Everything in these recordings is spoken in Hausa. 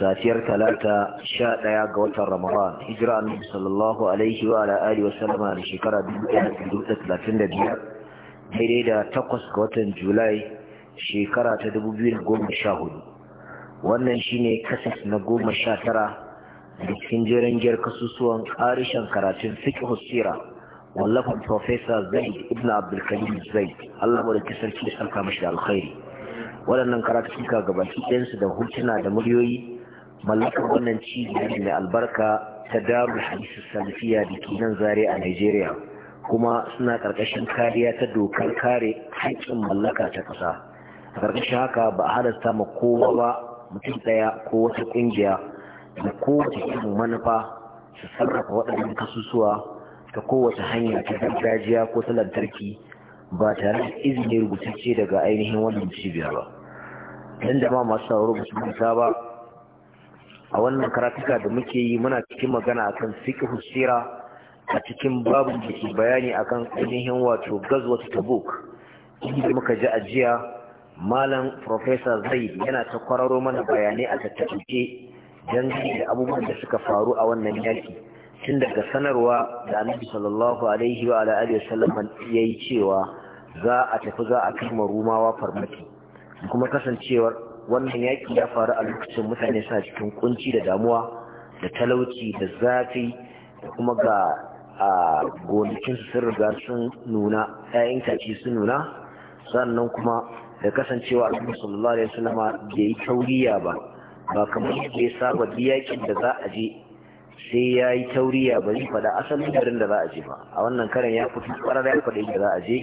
safiyar talata sha ɗaya ga watan ramadan hijira annabi sallallahu alaihi wa ala alihi wa sallama da shekara dubu ɗaya da dubu da talatin da biyar daidai da takwas ga watan julai shekara ta dubu biyu da goma sha hudu wannan shine kasas na goma sha tara da cikin jerin kasusuwan ƙarishen karatun fiqh sira wallafan Profesa zaid ibn abdulkarim zaid allah mu da kisarki da sarka mashi da alkhairi waɗannan karatuka gabaki ɗayansu da hutuna da muryoyi mallakar wannan cibiyar mai albarka ta darul hadisi salafiya da ke nan zare a Najeriya kuma suna ƙarƙashin kariya ta dokar kare haƙƙin mallaka ta ƙasa a ƙarƙashin haka ba a halasta ma kowa ba mutum ɗaya ko wata ƙungiya da kowace irin manufa su sarrafa waɗannan kasusuwa ta kowace hanya ta gargajiya ko ta lantarki ba tare da izinin rubutacce daga ainihin wannan cibiyar ba. Dan da ma masu sauraro ba su ba a wannan karatuka da muke yi muna cikin magana akan fiqh sira a cikin babin da ke bayani akan ainihin wato ta tabuk inda muka ji ajiya malam professor zaid yana ta kwararo mana bayanai a tattace dangane da abubuwan da suka faru a wannan yaki tun daga sanarwa da annabi sallallahu alaihi wa alihi sallam yayi cewa za a tafi za a kai rumawa farmaki kuma kasancewar wannan yaki ya faru a lokacin mutane suna cikin kunci da damuwa da talauci da zafi da kuma ga a gonakin sun riga sun nuna 'ya'yan kaci sun nuna sannan kuma da kasancewa alaihi sallallahu alaihi wasallama bai yi tauriya ba ba kamar yadda ya saba biyakin da za a je sai ya yi tauriya ba zai faɗa asalin garin da za a je ba a wannan karan ya fito ƙwarar ya da za a je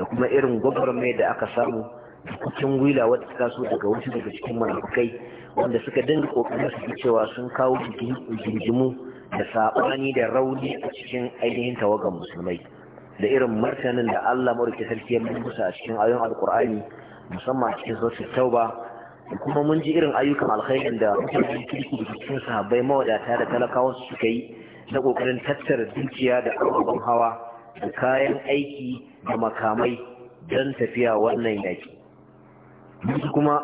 da kuma irin mai da aka samu cikin wila wadda ta taso daga wasu daga cikin munafukai wanda suka dinga kokarin su cewa sun kawo jirgimu da sabani da rauni a cikin ainihin tawagan musulmai da irin martanin da Allah madaukakin sarki ya musa a cikin ayoyin alkur'ani musamman a cikin suratul tauba kuma mun ji irin ayyukan alkhairin da mutane kirki da cikin sahabbai mawadata da talakawa suka yi na kokarin tattara dukiya da abubuwan hawa da kayan aiki da makamai don tafiya wannan yaki duk kuma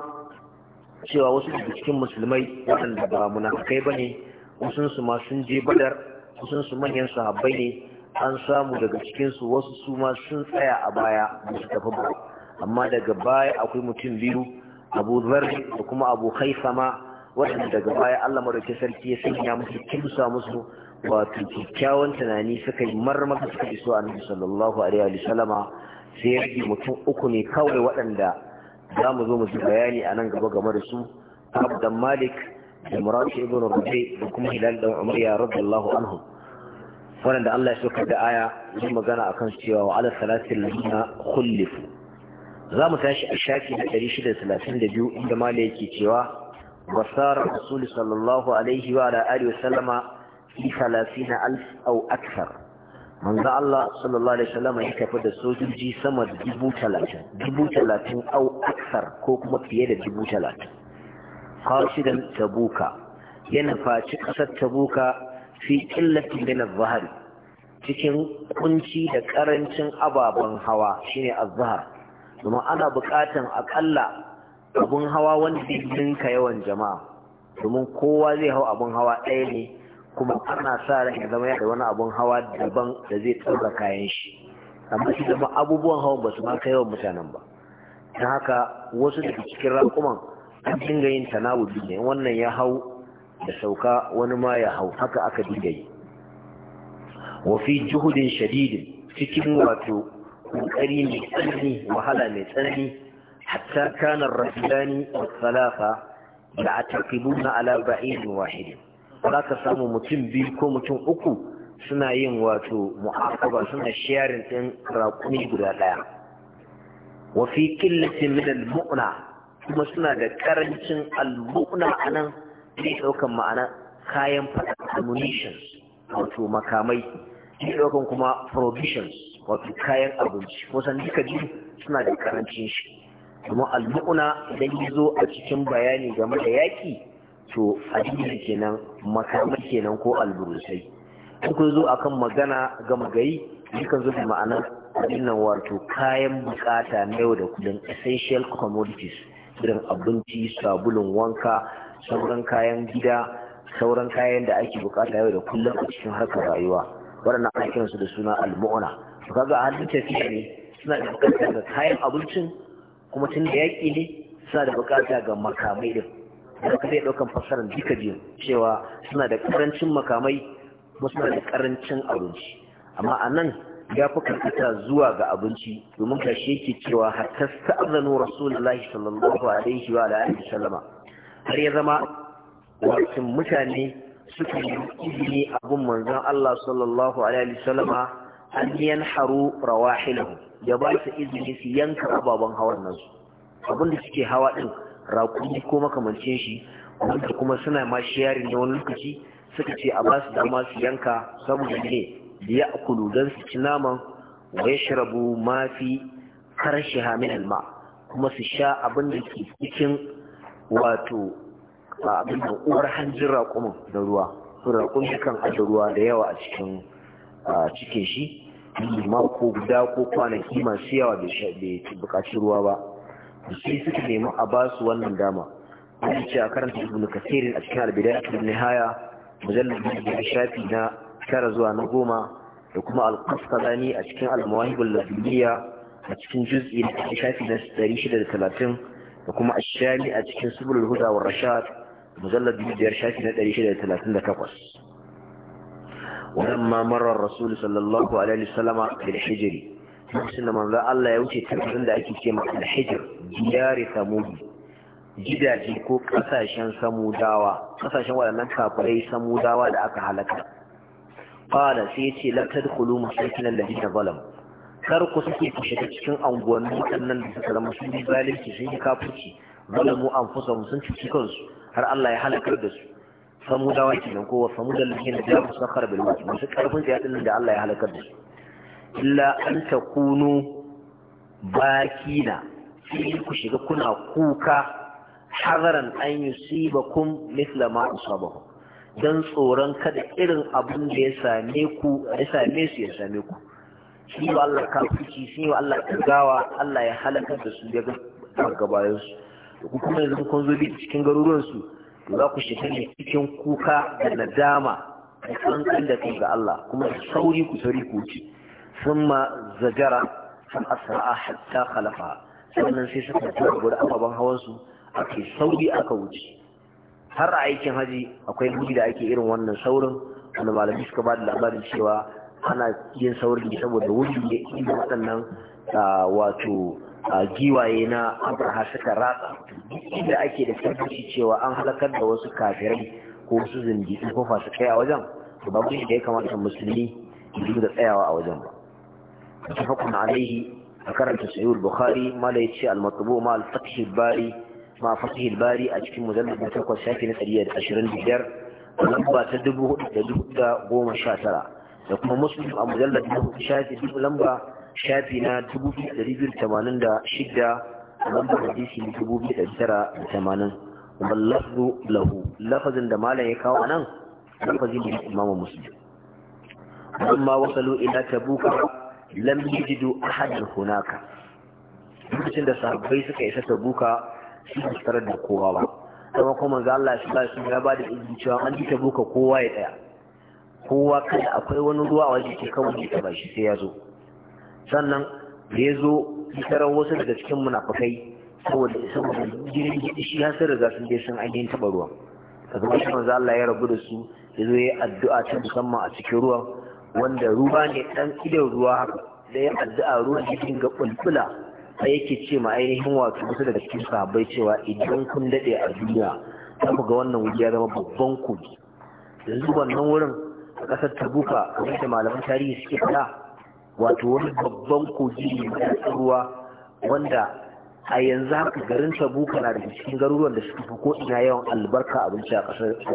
cewa wasu daga cikin musulmai waɗanda ba munafikai bane wasu su ma sun je badar wasu su manyan sahabbai ne an samu daga cikinsu su wasu su ma sun tsaya a baya ba su tafi ba amma daga baya akwai mutum biyu Abu zar da kuma Abu ma waɗanda daga baya Allah madaukakin sarki ya sanya musu kimsa musu wato kyakkyawan tunani suka yi marmaka suka iso annabi sallallahu alaihi wa sallama sai ya mutum uku ne kawai waɗanda za mu zo mu su bayani a nan gaba game da su abdan malik da muratu ibn rufe da kuma hilal dan umayya radiyallahu anhu wanda Allah ya soka da aya zai magana akan cewa wa ala salatil ladina khulifu za mu tashi a shafi na 632 inda malik yake cewa wasara rasul sallallahu alaihi wa ala alihi wa sallama fi 30000 aw akthar manzo Allah sallallahu alaihi wasallam ya tafi da sojoji sama da dubu talatin dubu talatin au aksar ko kuma fiye da dubu talatin qasidan tabuka yana faci kasar tabuka fi illatin min az-zahr cikin kunci da karancin ababen hawa shine az-zahr kuma ana buƙatan akalla abun hawa wanda zai dinka yawan jama'a domin kowa zai hau abun hawa ɗaya ne kuma ana sa ran ya zama yadda wani abun hawa daban da zai tsara kayan shi amma shi zama abubuwan hawan ba su ma kai yawan mutanen ba don haka wasu daga cikin raƙuman an dinga yin tanawudi ne wannan ya hau da sauka wani ma ya hau haka aka dinga yi wa fi juhudin shadidin cikin wato kokari mai tsanani wahala mai tsanani hatta kana rajulani wa salafa da a ala ba'idin wahidin za ka samu mutum biyu ko mutum uku suna yin wato mu'aqaba suna sharing ɗin raƙumi guda ɗaya wa fi min al kuma suna da karancin al-mu'na anan zai ɗaukan ma'ana kayan fada ammunitions wato makamai zai ɗaukan kuma provisions wato kayan abinci kusan duka ji suna da karancin shi kuma al-mu'na idan yi zo a cikin bayani game da yaƙi to addini kenan makamai kenan ko alburusai in kun zo akan magana ga magayi dukan zo da ma'anar nan wato kayan bukata na yau da kullum essential commodities irin abinci sabulun wanka sauran kayan gida sauran kayan da ake bukata yau da kullum a cikin harkar rayuwa waɗannan ana kiransu da suna almu'una kaga a halin tafiya ne suna da bukata ga kayan abincin kuma tun da yaƙi ne suna da bukata ga makamai din haka zai ɗaukan fassarar duka biyu cewa suna da ƙarancin makamai kuma suna da ƙarancin abinci amma a nan ya fi karkata zuwa ga abinci domin ka shi yake cewa ta sta'azanu rasulullahi sallallahu alaihi wa alihi sallama har ya zama wasu mutane suka yi izini abun manzon Allah sallallahu alaihi sallama an yanharu rawahilahu ya ba su izini su yanka ababen hawan nan abin da suke hawa din rakuni ko makamancin shi wanda kuma suna ma yari da wani lokaci suka ce a basu dama su yanka saboda ne da ya akulu don su ci naman wa ya shirabu ma fi karashi hamin alma kuma su sha abin da ke cikin wato abin da uwar hanjin raƙumin da ruwa su raƙumi kan aje ruwa da yawa a cikin cikin shi ma ko guda ko kwanaki masu yawa bai buƙaci ruwa ba sai suka nemi a ba su wannan dama wani ce a karanta ibn kasirin a cikin albidaya ta nihaya mujallar da shafi na tara zuwa na goma da kuma alƙasalani a cikin almawahibul lafiyya a cikin juz'i na shafi na ɗari shida da talatin da kuma ashami a cikin subulul huda wa rashad mujallar biyar shafi na ɗari shida da talatin da takwas ولما مر الرسول صلى الله عليه وسلم بالحجر lokacin da manzo Allah ya wuce tafsirin da ake ce maka diyari samudi gidaje ko kasashen samudawa kasashen waɗannan kafirai samudawa da aka halaka qala sai ce Kulu yace nan da masakin alladhina zalamu kar ku suke ku shiga cikin anguwanni waɗannan da suka zama sun zalunci sun yi kafirci zalamu anfusahum sun cuci kansu har Allah ya halakar da su samudawa kenan ko wa samudal ladina jabu sakhar bil wadi masu karfin da da Allah ya halakar da su illa an takunu bakina sai ku shiga kuna kuka hazaran an kun mithla ma usabahu dan tsoron kada irin abin da ya same ku ya same su ya same ku shi wa Allah kafici shi wa Allah gawa Allah ya halaka da su ya ga gabayen su ku kuma yanzu kun zo bi cikin garuruwan su za ku shiga ne cikin kuka da nadama da kankan da kai ga Allah kuma sauri ku sauri ku ci ma zajara fa asra'a hatta khalafa Wannan sai suka tura gudu su hawansu ake sauri aka wuce har a aikin haji akwai gudu da ake irin wannan saurin wanda malami suka ba da labarin cewa ana yin saurin saboda wuri ne inda waɗannan wato giwaye na abraha suka ratsa inda ake da tabbaci cewa an halakar da wasu kafirai ko wasu zindiki ko fasu kai a wajen to babu da ya kamata musulmi su da tsayawa a wajen ba tafakun alaihi a karanta sahihul bukhari mala yace al matbu ma al fath bari ma fath bari a cikin mujallad na takwas shafi na 125 lamba ta 4419 da kuma muslim a mujallad na shafi lamba shafi na 2286 lamba hadisi 2980 wallafzu lahu lafazin da malam ya kawo anan lafazin da imamu muslim amma wasalu ila tabuka lam yajidu ahadan hunaka lokacin da sahabbai suka isa tabuka su ba tarar da kowa ba kuma kuma ga Allah shi ba shi ya ba da izini cewa an yi tabuka kowa ya tsaya kowa kada akwai wani ruwa a waje ke kawo shi ta shi sai ya zo sannan da ya zo tarar wasu daga cikin munafikai saboda saboda jirgin gidi shi ya sun riga sun je sun ainihin taɓa ruwan daga wasu manzo Allah ya rabu da su ya zo ya addu'a ta musamman a cikin ruwan wanda ruwa ne ɗan idan ruwa haka da ya addu'a ruwa jikin ga kulkula sai yake ce ma ainihin wato kusa daga cikin sahabbai cewa idan kun daɗe a duniya za ku ga wannan wuri ya zama babban kogi yanzu wannan wurin a ƙasar tabuka kamar da malaman tarihi suke faɗa wato wani babban kogi ne mai ruwa wanda a yanzu haka garin tabuka na daga cikin garuruwan da suka fi ko ina yawan albarka abinci a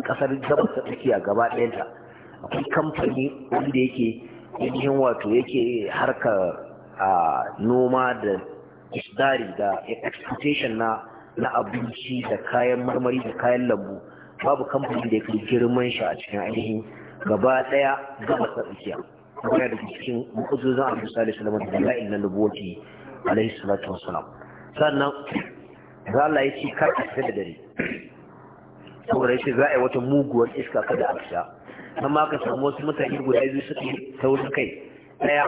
ƙasar gabas ta tsakiya gaba ɗayanta akwai kamfani wanda yake ainihin wato yake harka a noma da isdari da exploitation na na abinci da kayan marmari da kayan lambu babu kamfani da ya kai girman shi a cikin ainihin gaba daya gaba tsakiya kuma da cikin mu'ujizan abu salih salama da la'in na nubuwati alaihi salatu wassalam sannan za Allah ya ce kar a da dare saboda shi za a yi wata muguwar iska kada a fita amma ka samu wasu mutane guda biyu suka yi taurin kai ɗaya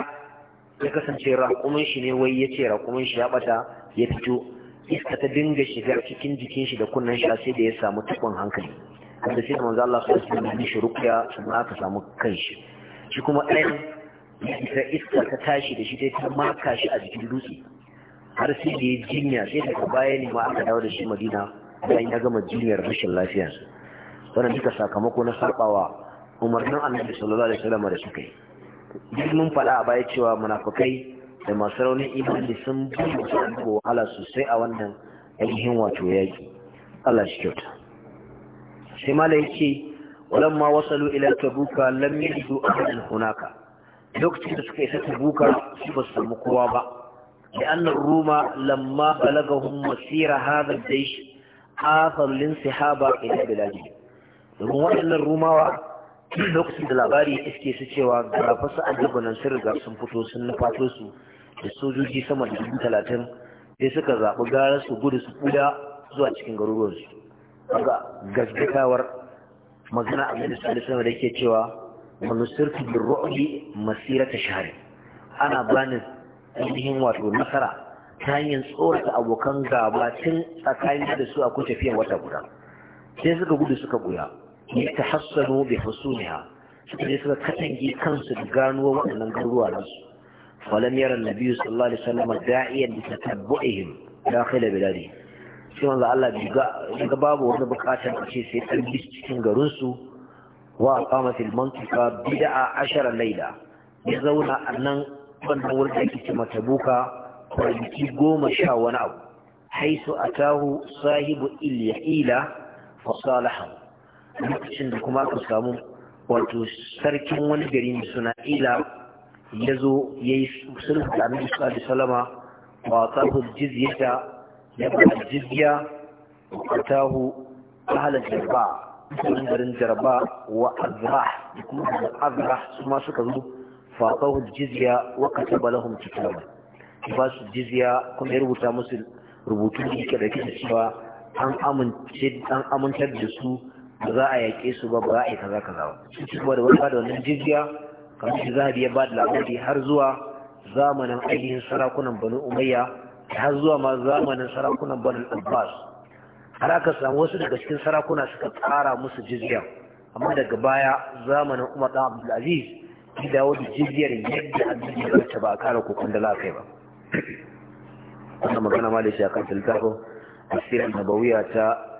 ya kasance raƙumin shi ne wai ya ce raƙumin shi ya ɓata ya fito iska ta dinga shiga cikin jikin shi da kunnen shi sai da ya samu tukun hankali wanda sai da manzo Allah su yi da shi rukiya aka samu kanshi shi kuma ɗayan ta iska ta tashi da shi ta maka shi a jikin dutse har sai da ya jinya sai daga baya ne ma aka dawo da shi Madina bayan ya gama jinyar rashin lafiya wannan duka sakamako na sabawa umarnin annabi sallallahu alaihi wasallam da suka yi duk mun faɗa a baya cewa munafukai da masu raunin imani sun bi su wahala sosai a wannan ainihin wato yaƙi Allah shi kyauta sai mala yake walamma wasalu ila tabuka lam yajidu ahadan hunaka lokacin da suka isa tabuka su ba su samu kowa ba لأن الروم لما بلغهم مسير هذا الجيش آثر الانسحاب إلى بلادهم domin waɗannan rumawa lokacin da labari ya iske su cewa ga fasu annabi nan sun riga sun fito sun nufato su da sojoji sama da dubu talatin sai suka zaɓi gara su gudu su kuda zuwa cikin garuruwansu ga gaggawar magana a mai sallallahu sama da yake cewa manusirtu bin masira ta shahri ana bani ainihin wato nasara ta hanyar tsorata abokan gaba tun tsakanin da su a kun tafiyan wata guda sai suka gudu suka buya ya ta hassano bi husuniha suka je suka katange kansu da gano waɗannan garuruwa nasu falam yara nabi sallallahu alaihi wasallam da'iyan bi tatabbu'ihim dakhil biladi sai manzo Allah bai ga babu wani bukatar a ce sai an cikin garin su wa qamat al mantiqa bid'a ashara layla ya zauna a nan wannan wurin da yake cewa tabuka kwanaki goma sha wani abu haisu atahu sahibu ilya ila fa salahu lokacin da kuma aka samu wato sarkin wani gari mai suna ila ya zo ya yi sulhu da annabi sallallahu alaihi wasallama wa tsahu jizyata ya ba jizya wa tahu ahla jarba mutanen garin jarba wa azrah da kuma azrah su ma suka zo fa tsahu jizya wa kataba lahum kitaba ba su jizya kuma ya rubuta musu rubutu da yake da cewa an amince an amintar da su ba za a yaƙe su ba ba a yi kaza kaza ba da wani bada wannan jizya kamar shi zahabi ya bada da labari har zuwa zamanin ainihin sarakunan banu umayya har zuwa ma zamanin sarakunan banu abbas har aka samu wasu daga cikin sarakuna suka tsara musu jizya amma daga baya zamanin umar dan abdulaziz ya dawo da jizyar yadda abin ya ba a kara kokon da lafiya ba wannan magana ma da shi a kan tiltafin asirin nabawiya ta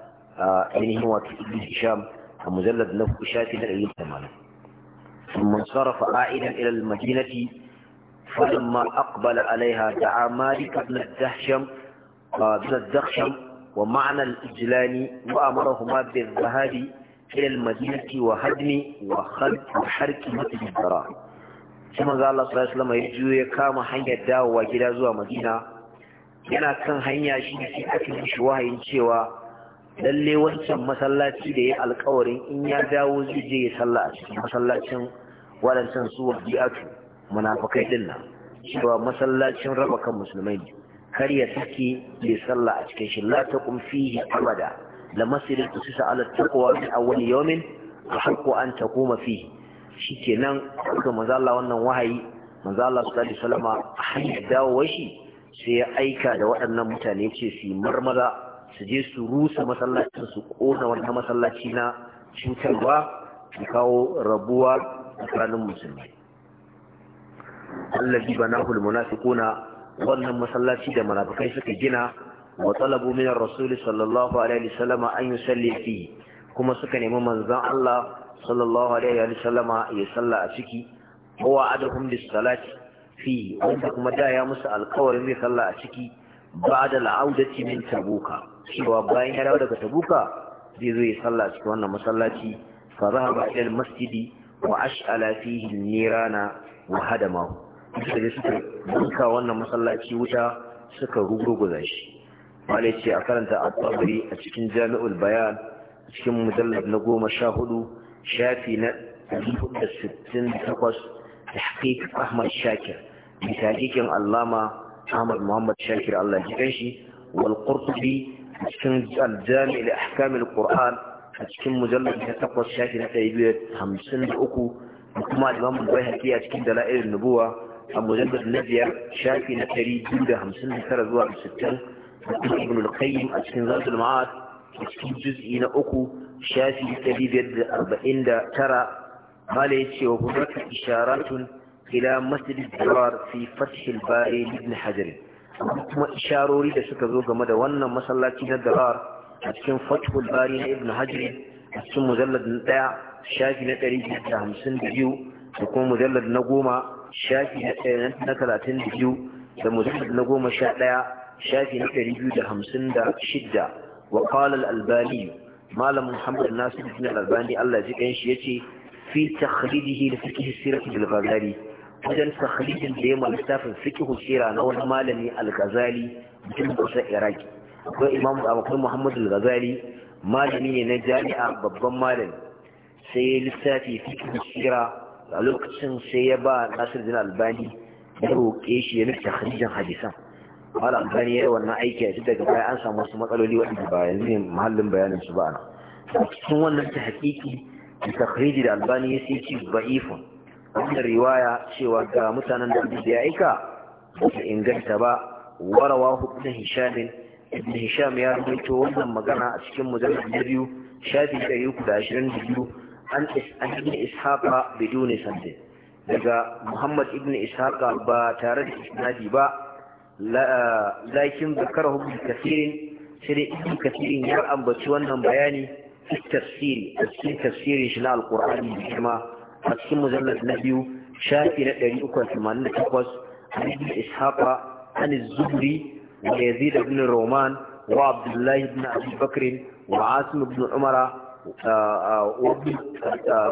ainihin wato ibn hisham a mujallad na kuka sha shi da ɗari tamanin amma sarrafa a'idan ilal madinati fadin ma aqbala alaiha da a malika na dahsham wa ma'ana al-ijilani wa amara huma bi zahari ilal madinati wa hadmi wa khalki wa harki mutum zara shi manzo Allah sallallahu alaihi wasallam ya juyo kama hanyar dawowa gida zuwa madina yana kan hanya shi ne sai aka yi shi wahayin cewa lalle wancan masallaci da ya alkawarin in ya dawo zai je ya salla a cikin masallacin waɗancan su wajiyatu munafikai din nan cewa masallacin raba kan musulmai ne kar ya sake da salla a cikin shi la taqum fihi abada la masjidin usisa ala taqwa min awwal yawmin ahqqu an taquma fihi shikenan kuma manzo Allah wannan wahayi manzo Allah sallallahu alaihi A hanyar dawo shi sai ya aika da waɗannan mutane ce su marmaza su je su rusa masallacin su kona wannan masallaci na cutarwa su kawo rabuwa tsakanin musulmi allazi banahu almunafiquna wannan masallaci da munafikai suka gina wa talabu min ar-rasul sallallahu alaihi wasallam an yusalli fihi kuma suka nemi manzon Allah sallallahu alaihi wasallam ya salla a ciki huwa adahum bis-salati fi wanda kuma da ya musu alƙawarin zai salla a ciki ba'da al-audati min tabuka cewa bayan ya dawo daga tabuka zai zo ya sallah cikin wannan masallaci fa zahaba ila masjidi wa ash'ala fihi nirana wa hadamahu sai suka duka wannan masallaci wuta suka rugurguza shi wale ce a karanta al tabari a cikin jami'ul bayan cikin Mujallar na goma sha hudu shafi na da sittin takwas tahqiq Ahmad Shakir bi tahqiqin Allama Ahmad Muhammad Shakir Allah ya shi wal Qurtubi a cikin aljami da ahkamil qur'an a cikin mujallar da takwas shafi na ɗari biyar hamsin da uku da kuma imamu bai haƙi a cikin dala'ilin nubuwa a mujallar na biyar shafi na ɗari biyu da hamsin da tara zuwa sittin da kuma ibn al-qayyim a cikin zadul ma'ad a cikin juz'i na uku shafi na ɗari biyar da arba'in da tara mala ya ce wa hukumar isharatun ila masjid dirar fi fathil bari ibn hajar kuma isharori da suka zo game da wannan masallaci na darar a cikin fathul bari na ibn Hajji, a cikin mujallad na ɗaya shafi na ɗari da hamsin da biyu da kuma mujallad na goma shafi na ɗaya na talatin da biyu da mujallad na goma sha ɗaya shafi na ɗari biyu da hamsin da shidda wa qala albani malam muhammad nasir bin al-albani Allah ya ji shi yace fi takhrijihi li fiqh sirat al-ghazali wajen sakhrijin da ya littafin fiqhu shira na wani malami al-Ghazali bikin kusa Iraki akwai Imam Abu Muhammadu al-Ghazali malami ne na jami'a babban malami sai ya littafi fiqhu shira a lokacin sai ya ba Nasir bin Albani ya roƙe shi ya nufi takhrijin hadisan Malam amfani ya wannan aiki a shi daga baya an samu wasu matsaloli waɗanda ba yanzu ne mahallin bayanin su ba na cikin wannan ta hakiki da takhriji da albani ya sai ci ba'ifun wannan riwaya cewa ga mutanen da annabi ya aika ba inganta ba warawa ibn hisham ibn hisham ya rubuto wannan magana a cikin mujallad na biyu shafi ɗari uku da ashirin da biyu an ibn ishaqa biduni sanad daga muhammad ibn ishaqa ba tare da isnadi ba lakin zakarahu bi kafirin sai ibn kafirin ya ambaci wannan bayani في التفسير في تفسير شناء القرآن بكما a cikin mujallar na biyu shafi na ɗari uku da tamanin da takwas an ishaqa an Zuhri, wa yazid ibn roman wa abdullahi ibn abi bakr wa asim ibn umara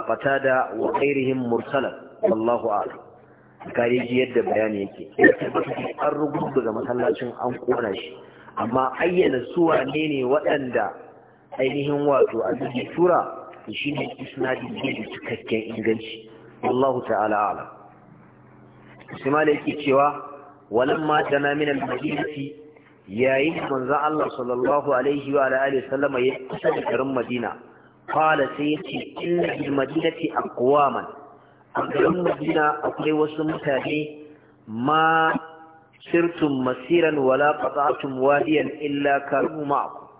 Fatada wa وغيرهم مرسلا والله أعلم kare ji yadda bayani yake an rubuta daga masallacin an kona shi amma ayyana suwa ne ne waɗanda ainihin wato a cikin tura to shi ne isnadi ne da cikakken inganci wallahu ta'ala alam ismail yake cewa walamma dana min al-madinati yayin manzon Allah sallallahu alaihi wa alihi sallama ya kusa da garin Madina qala sai yace inna bil madinati aqwaman a garin Madina akwai wasu mutane ma sirtum masiran wala qata'tum wadiyan illa kanu ma'akum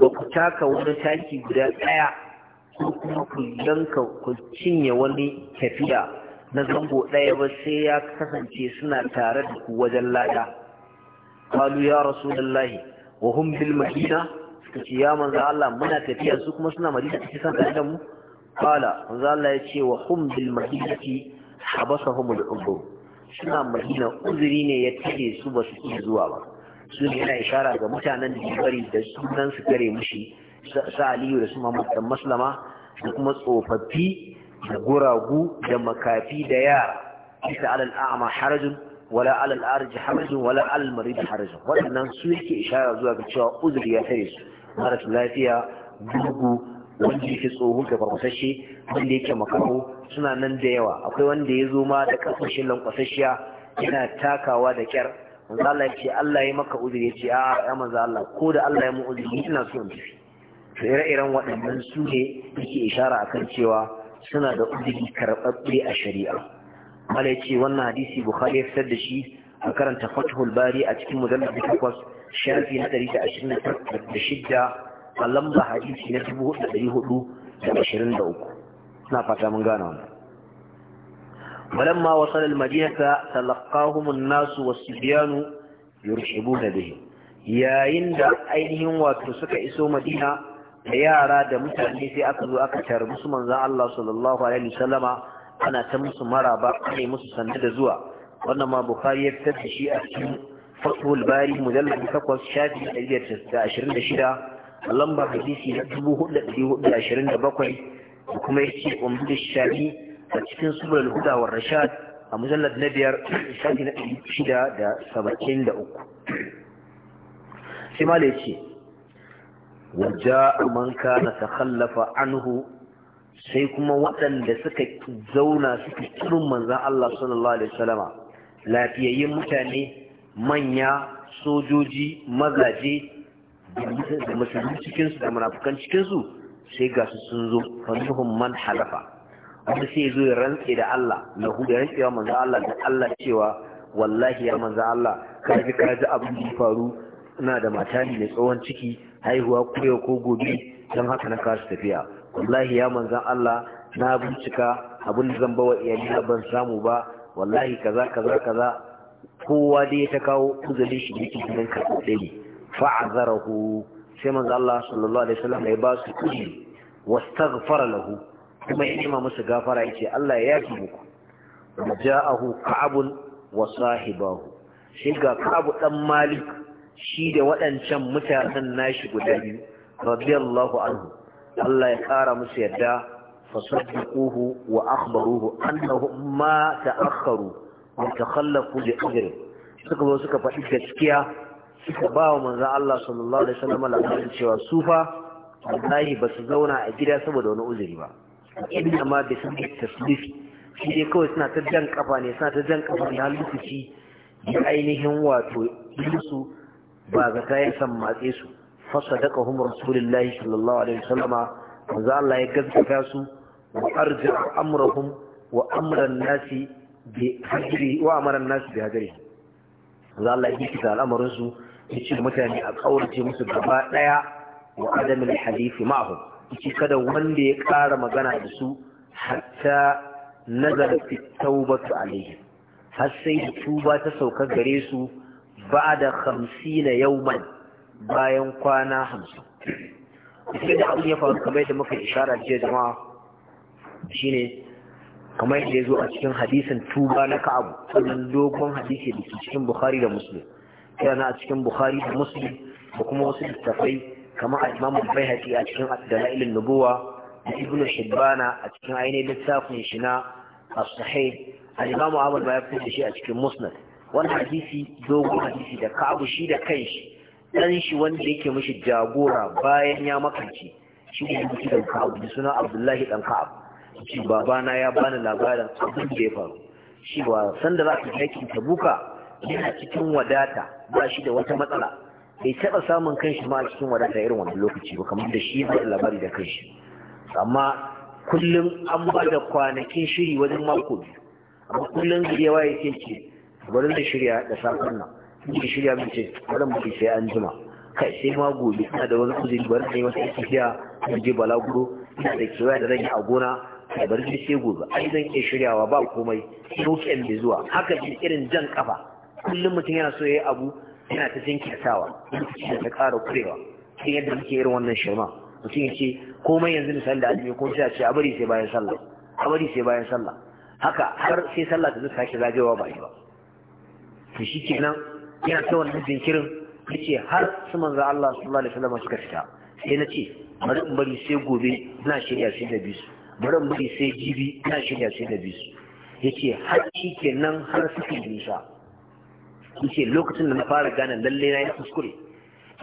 ba ku taka wani taki guda daya ko kuma kullum ka ku cinye wani tafiya na zango ɗaya ba sai ya kasance suna tare da ku wajen lada qalu ya rasulullahi wa hum bil madina suka ce ya manzo Allah muna tafiya su kuma suna madina take san da mu qala manzo Allah ya ce wa hum bil madinati habasahum al ubur suna madina uzuri ne ya tare su ba su iya zuwa ba su ne yana ishara ga mutanen da bari da sunan su kare mushi sa aliyu da su mamatan maslama da kuma tsofaffi da guragu da makafi da yara bisa alal a'ama harajun wala alal arji harajun wala alal marid harajun waɗannan su yake ishara zuwa ga cewa uzuri ya tare su maras lafiya gurgu wanda yake tsohon da farfasashe wanda yake makaho, suna nan da yawa akwai wanda ya zo ma da ƙasashen lankwasashiya yana takawa da ƙyar. manzo Allah ya ce Allah ya maka uzuri ya ce a ya manzo Allah ko da Allah ya mu uzuri ina so in tafi to ire-iren waɗannan su ne yake ishara kan cewa suna da uzuri karɓaɓɓe a shari'a malai ce wannan hadisi bukhari ya fitar da shi a karanta fathul bari a cikin mujallar takwas shafi na ɗari da ashirin da shidda a lamba hadisi na dubu da ɗari hudu da ashirin da uku Suna fata mun gane wannan ولما وصل المدينة تلقاهم الناس والصبيان يرحبون به yayin da ainihin wato suka iso madina da yara da mutane sai aka zo aka tare musu manzan Allah sallallahu alaihi wasallama ana ta musu maraba ana musu sanda da zuwa wannan ma bukhari ya fitar da shi a cikin fathul bari mujallad 8 shafi 126 lambar hadisi na 4427 da kuma yace da shafi a cikin subul huda war rashad a mujallad na biyar shafi na 673 sai ma da yace waja man ta takhallafa anhu sai kuma waɗanda suka zauna suka kirin manzan Allah sallallahu alaihi wasallama lafiyayyen mutane manya sojoji mazaje da musulmi cikinsu da munafukan cikinsu sai ga su sun zo fannuhun man halafa wanda sai zo ya rantse da Allah lahu da rantsewa manzan Allah da Allah cewa wallahi ya manzan Allah ka ji ka ji abin da faru ina da mata mai tsawon ciki haihuwa kuyo ko gobe don haka na kasu tafiya wallahi ya manzan Allah na bincika abin da zan bawa na ban samu ba wallahi kaza kaza kaza kowa dai ya ta kawo uzurin shi ne cikin karɓar ɗari fa'azarahu sai manzan Allah sallallahu alaihi wasallam ya ba su kuɗi wastaghfara lahu kuma ya nema musu gafara yace Allah ya yafi muku ja'ahu ka'abun wa sahibahu shi ga ka'abu dan malik shi da waɗancan mutanen nashi guda biyu radiyallahu anhu Allah ya ƙara musu yadda fasaddiquhu wa akhbaruhu annahum ma ta'akharu wa takhallafu bi ajri suka zo suka faɗi gaskiya suka ba wa manzon Allah sallallahu alaihi wasallam labarin cewa sufa wallahi ba su zauna a gida saboda wani uzuri ba inda ma bi sun taslifi shi dai kawai suna ta jan kafa ne suna ta jan kafa da har lokaci ainihin wato ilisu ba zata ya sammatse su fasadaqahum rasulullahi sallallahu alaihi wasallama manzo Allah ya gaskata su wa arja amrahum wa amran nasi bi hajri wa amran nasi bi hajri manzo Allah ya al'amarin su yace mutane a kaurace musu gaba daya wa adam al-hadith ma'hum yace kada wanda ya ƙara magana da su hatta nazara tawbatu alaihim har sai tuba ta sauka gare su da ba'da 50 yawman bayan kwana hamsin. sai da abin ya faru kamar yadda muka ishara jiya jama'a shine kamar yadda ya zo a cikin hadisin tuba na ka'abu sannan dogon hadisi da ke cikin bukhari da muslim yana a cikin bukhari da muslim da kuma wasu littafai kamar a imamu baihaqi a cikin dalailin nubuwa da ibnu shibbana a cikin ainihin littafin shi na as-sahih al-imamu ahmad ba fi fitar da shi a cikin musnad wani hadisi dogon hadisi da kabu shi da kanshi dan shi wanda yake mishi jagora bayan ya makanci shi ne yake da kabu suna abdullahi dan kab shi babana ya bani labarin abin da ya faru shi ba san da za ka ta tabuka yana cikin wadata ba shi da wata matsala bai taba samun kanshi ma a cikin wadata irin wannan lokaci ba kamar da shi ya da labari da kanshi amma kullum an bada kwanakin shiri wajen mako biyu amma kullum yawa ya ce bari da shirya da safin nan ke shirya mai ce bari mafi sai an jima kai sai ma gobe ina da wani uzuri bari ne wata tafiya mu je balaguro ina da kewaya da rage a gona da bari ne sai gobe ai zan iya shiryawa ba komai sokin da zuwa haka ji irin jan kafa kullum mutum yana so ya yi abu yana ta jinkirtawa yana ta ƙara kurewa sai yadda muke irin wannan shirma mutum ya ce komai yanzu misali da ajiye ko sai a ce a bari sai bayan sallah a bari sai bayan sallah haka har sai sallah ta zuka ke zagayowa ba shi ba to shi kenan yana ta wannan jinkirin ya ce har su manzan Allah sallallahu alaihi wasallam suka fita sai na ce bari in bari sai gobe ina shirya sai da bisu bari in bari sai jibi ina shirya sai da bisu ya ce har shi kenan har su ke nisa ya ce lokacin da na fara gane lalle na yi kuskure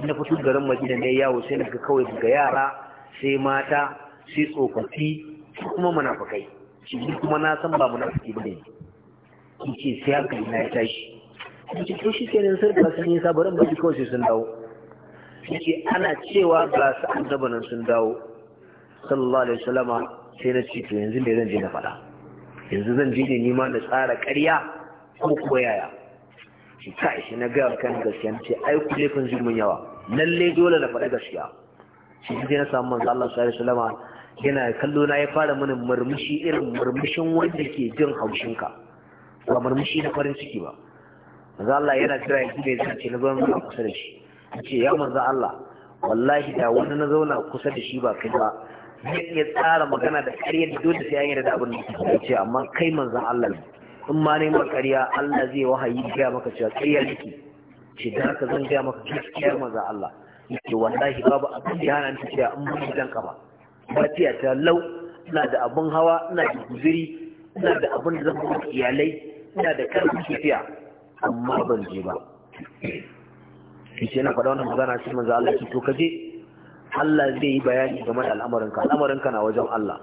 na fito garin madina ne yawo sai na ga kawai daga yara sai mata sai tsofaffi kuma munafukai shi kuma na san ba munafiki bane ne ce sai hankali na ya tashi yace shi kenan sai ba sun yi sabarin ba kawai sai sun dawo yace ana cewa ga su annabanan sun dawo sallallahu alaihi wasallama sai na ci to yanzu ne zan je na faɗa yanzu zan je ne nima na tsara ƙarya ko kuwa yaya shi ka shi na gaya kan gaskiya ce ai ku laifin zulmin yawa lalle dole na faɗa gaskiya shi sai na samu manzo Allah sallallahu alaihi wasallama yana kallo na ya fara mini murmushi irin murmushin wanda ke jin haushinka ba murmushi na farin ciki ba manzo Allah yana kira ya kire zai na zo a kusa da shi ce ya manzo Allah wallahi da wani na zauna kusa da shi ba kai ba zai iya tsara magana da ƙarya da dole sai an yarda da abin da ya ce amma kai manzon Allah ne in ma ne ma ƙarya Allah zai wahayi ga maka cewa ƙarya nake ce da haka zan gaya maka gaskiyar manzon Allah yake wallahi babu abin da yana ta cewa in mun gidan ka ba lafiya ta lau ina da abin hawa ina da guziri ina da abin da zan ba iyalai ina da karfin tafiya amma ban je ba shi yana faɗa wani magana shi manzo Allah ya to kaje Allah zai yi bayani game da al'amarin ka al'amarin ka na wajen Allah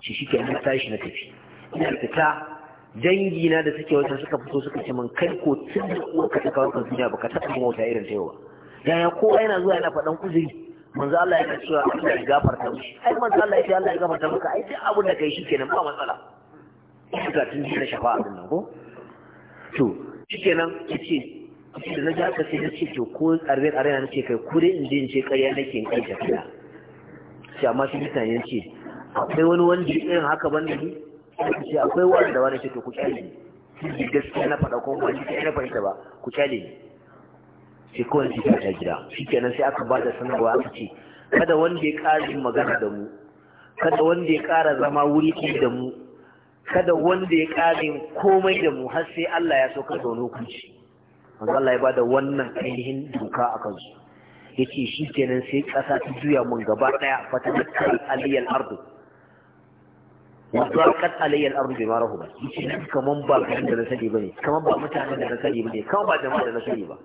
shi shi ke yi tashi na tafi ina fita dangi na da suke wata suka fito suka ce man kai ko tun da uwar ka kawo ka duniya baka taɓa wata irin ta yawa ba ya kowa yana zuwa yana faɗan kuzuri manzo Allah ya kace Allah ya gafarta mu ai manzo Allah ya ce Allah ya gafarta maka ai duk abin da kai shi kenan ba matsala ka tun da shafa'a din nan ko to shikenan yace da na ji haka sai na ce to ko arbiyar arena na ce kai kure in je in ce ƙarya nake in kai tafiya sai amma shi mutane ce akwai wani wanda irin haka ban da ni ce akwai wanda wani ce to ku kyale ni gaskiya na faɗa kuma shi ce na fahimta ba ku kyale shi sai shi ta gida shikenan sai aka ba da sanarwa aka ce kada wanda ya ƙara magana da mu kada wanda ya ƙara zama wuri da mu kada wanda ya kare komai da mu har sai Allah ya so ka da wani hukunci manzo Allah ya bada wannan ainihin doka a kansu yace shi kenan sai kasa ta juya mun gaba daya fatanakkal aliyal ardu wa zarqat aliyal ardu bima rahuba yace kaman ba kan da na sani bane kaman ba mutanen da na sani bane kaman ba jama'a da na sani ba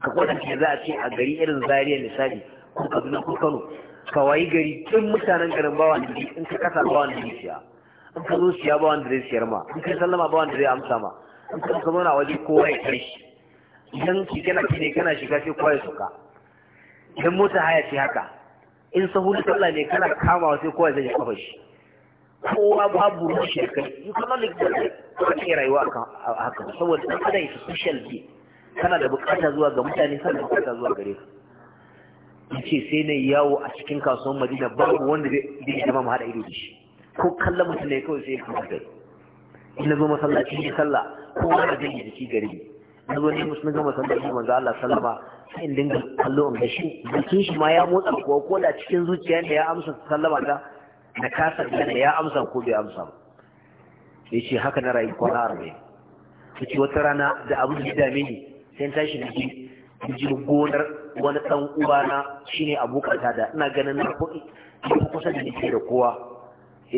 ka ke za a ce a gari irin Zariya misali ko Kaduna ko Kano ka wayi gari tun mutanen garin bawa in ka kasa bawa ne dukiya in ka zo siya ba wanda zai siyar ma in kai sallama ba wanda zai amsa ma in ka ka zauna waje kowa ya kai shi idan ki kana ne kana shiga sai kowa ya soka idan mota haya ce haka in sahu da sallah ne kana kamawa sai kowa zai kafa shi kowa babu ruwan shi kai in kana da kuma ke rayuwa a haka saboda dan kada yi social be kana da bukata zuwa ga mutane kana da bukata zuwa gare ya ce sai na yawo a cikin kasuwar Madina babu wanda zai zama mu hada ido da shi ko kallon mutum ne kawai sai kuma kai in na zo masallaci ne sallah ko wani zai yi jiki gari na zo ne musu na masallaci manzo Allah sallama sai in dinga kallo in gashi jikin shi ma ya motsa ko ko da cikin zuciya ne ya amsa sallama ta da kasar da ya amsa ko bai amsa ba ce haka na rayu kwana Su ce wata rana da abu da dame ni sai tashi da ji ji gonar wani dan uba na shine abokata da ina ganin na kuɗi kusa da nake da kowa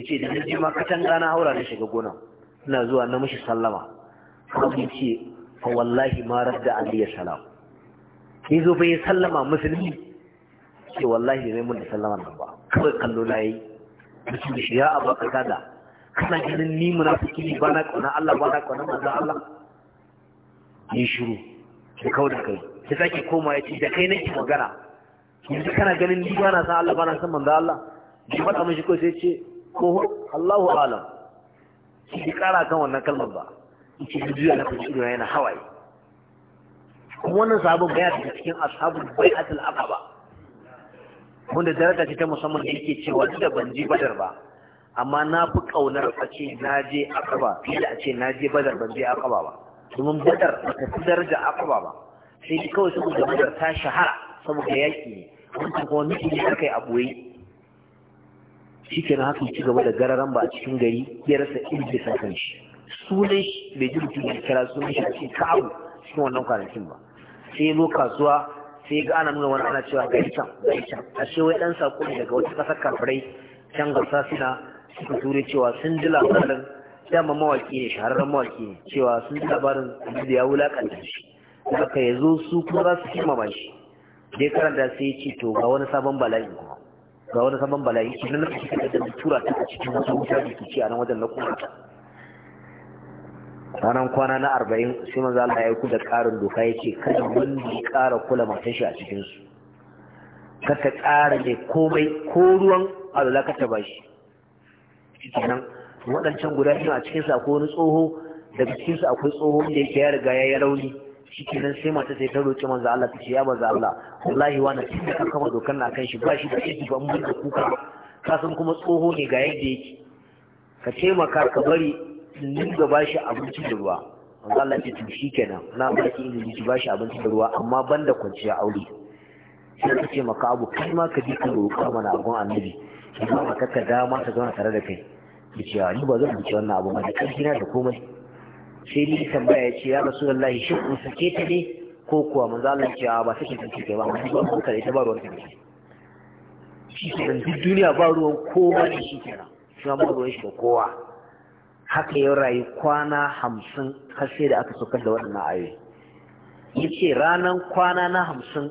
ce da naji ma katanga na haura na shiga gona ina zuwa na mashi sallama kuma ce fa wallahi ma radda alayya salam ni zo bai sallama musulmi ce wallahi ne mun da sallama nan ba kawai kallo na yi mutum shi ya abu ka kada kana ganin ni munafiki ne ba na kauna Allah ba na kauna manzo Allah ni shiru ki kawo da kai ki sake koma ya ce da kai nake magana yanzu kana ganin ni ba na san Allah ba na san manzo Allah ki faɗa mishi ko sai ce ko Allahu alam shi kara kan wannan kalmar ba shi jiya na kuma ido yana hawaye kuma wannan sabon baya daga cikin ashabul bai'atul aqaba wanda daraja ce ta musamman da yake cewa duk da ban ji badar ba amma na fi kaunar a ce na je aqaba fiye da a ce na je badar ban je aqaba ba domin badar ba ta fi daraja aqaba ba sai kawai saboda badar ta shahara saboda yaki ne wancan kuma miki ne aka yi a boye shi ke na haka ci gaba da gararan ba a cikin gari ya rasa ilmi san kanshi sunan shi bai ji mutum kira sunan shi a cikin kawo cikin wannan kwanakin ba sai kasuwa sai ga ana nuna wani ana cewa gari can gari can a ce wai dan sako ne daga wata kasar kafirai can ga suna suka ture cewa sun ji labarin dama mawaki ne shahararren mawaki ne cewa sun ji labarin da ya wulakanta shi haka ya zo su kuma za su kimama shi dai karanta sai ya ce to ga wani sabon bala'in kuma ga wani saman bala'i idan na kashe da da tura ta a cikin wasu wuta da ke ci a nan wajen na kuma ranar kwana na arba'in sai manzo Allah ya yi da ƙarin doka ya ce kada wanda ya ƙara kula matashi shi a cikinsu kar ta ƙara ne komai ko ruwan alula ka ta bashi kenan waɗancan guda biyu a cikinsu akwai wani tsoho daga cikinsu akwai tsoho da yake ya riga ya yi rauni nan sai mata sai ta roki manzo Allah ta ce ya manzo Allah wallahi wani tun da ka kama dokan na kan shi ba shi da shi ba mun da kuka ka san kuma tsoho ne ga yadda yake ka ce maka ka bari in ga bashi abinci da ruwa manzo Allah ce to shikenan na baki izini ki bashi abinci da ruwa amma banda kwanciya aure sai ka ce maka abu kai ma ka ji ka roƙa mana abun annabi ki ba ka dama ta zauna tare da kai ki ce ni ba zan buci wannan abu ba da ƙarfi na da komai sai ni tambaya ya ce ya rasulullahi shi in sake ta ne ko kuwa manzo Allah cewa ce ba sake ta ce ba mun ba ka ta ba ruwan ta shi kenan duk duniya ba ruwan kowa ne shi kenan shi ba ruwan shi kowa haka ya rayu kwana hamsin har sai da aka saukar da waɗannan ayoyi ya ce ranar kwana na hamsin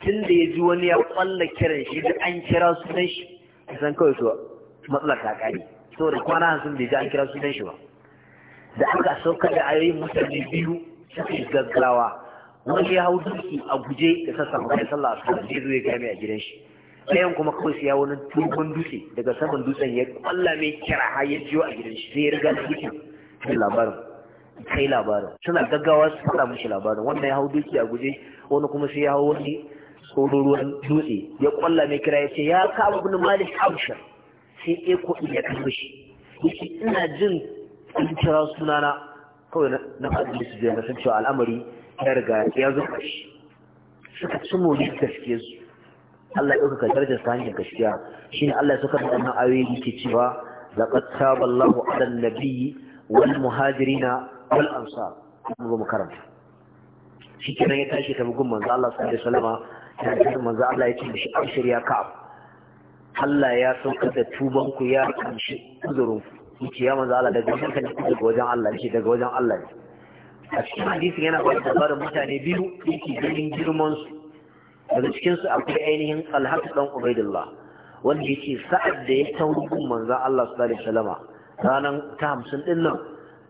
tun da ya ji wani ya kwalla kiran shi da an kira sunan shi san kawai to matsala ta kare saboda kwana hamsin bai ji an kira sunan shi ba da aka sauka da ayoyin mutane biyu suka yi gaggawa wani ya hau duki a guje da sassan bayan sallah a da zai zo ya gami a gidan shi ɗayan kuma kawai sai ya wani turban dutse daga saman dutsen ya kwalla mai kira har ya jiyo a gidan shi sai ya riga da duki kai labarin kai labarin suna gaggawa su fara mushi labarin wanda ya hau duki a guje wani kuma sai ya hau wani tsoron ruwan dutse ya kwalla mai kira ya ce ya kama bin malik abshar sai ya ɗin ya kashe shi ina jin an kira sunana kawai na faɗi musu jiya na san cewa al'amari ya riga ya zo ƙarshe suka ci mori gaske su Allah ya ɗaukaka darajar ta hanyar gaskiya shine Allah ya saka da wannan ayoyi yake cewa laqad taballahu ala nabiyyi wal muhajirina wal ansar mu mu karanta shi kenan ya tashi ta bugun manzo Allah sallallahu alaihi wasallama ya tashi manzo Allah ya ce shi abshir ya ka'ab Allah ya saukar da tubanku ya kamshi uzurinku yace ya manzo Allah daga wajen ka daga wajen Allah yace daga wajen Allah ne a cikin hadisin yana ba da labarin mutane biyu yake ganin girman su daga cikin su akwai ainihin Talha dan Ubaidillah wanda yake sa'ad da ya tauri gun manzo Allah sallallahu alaihi ranan ta hamsin din nan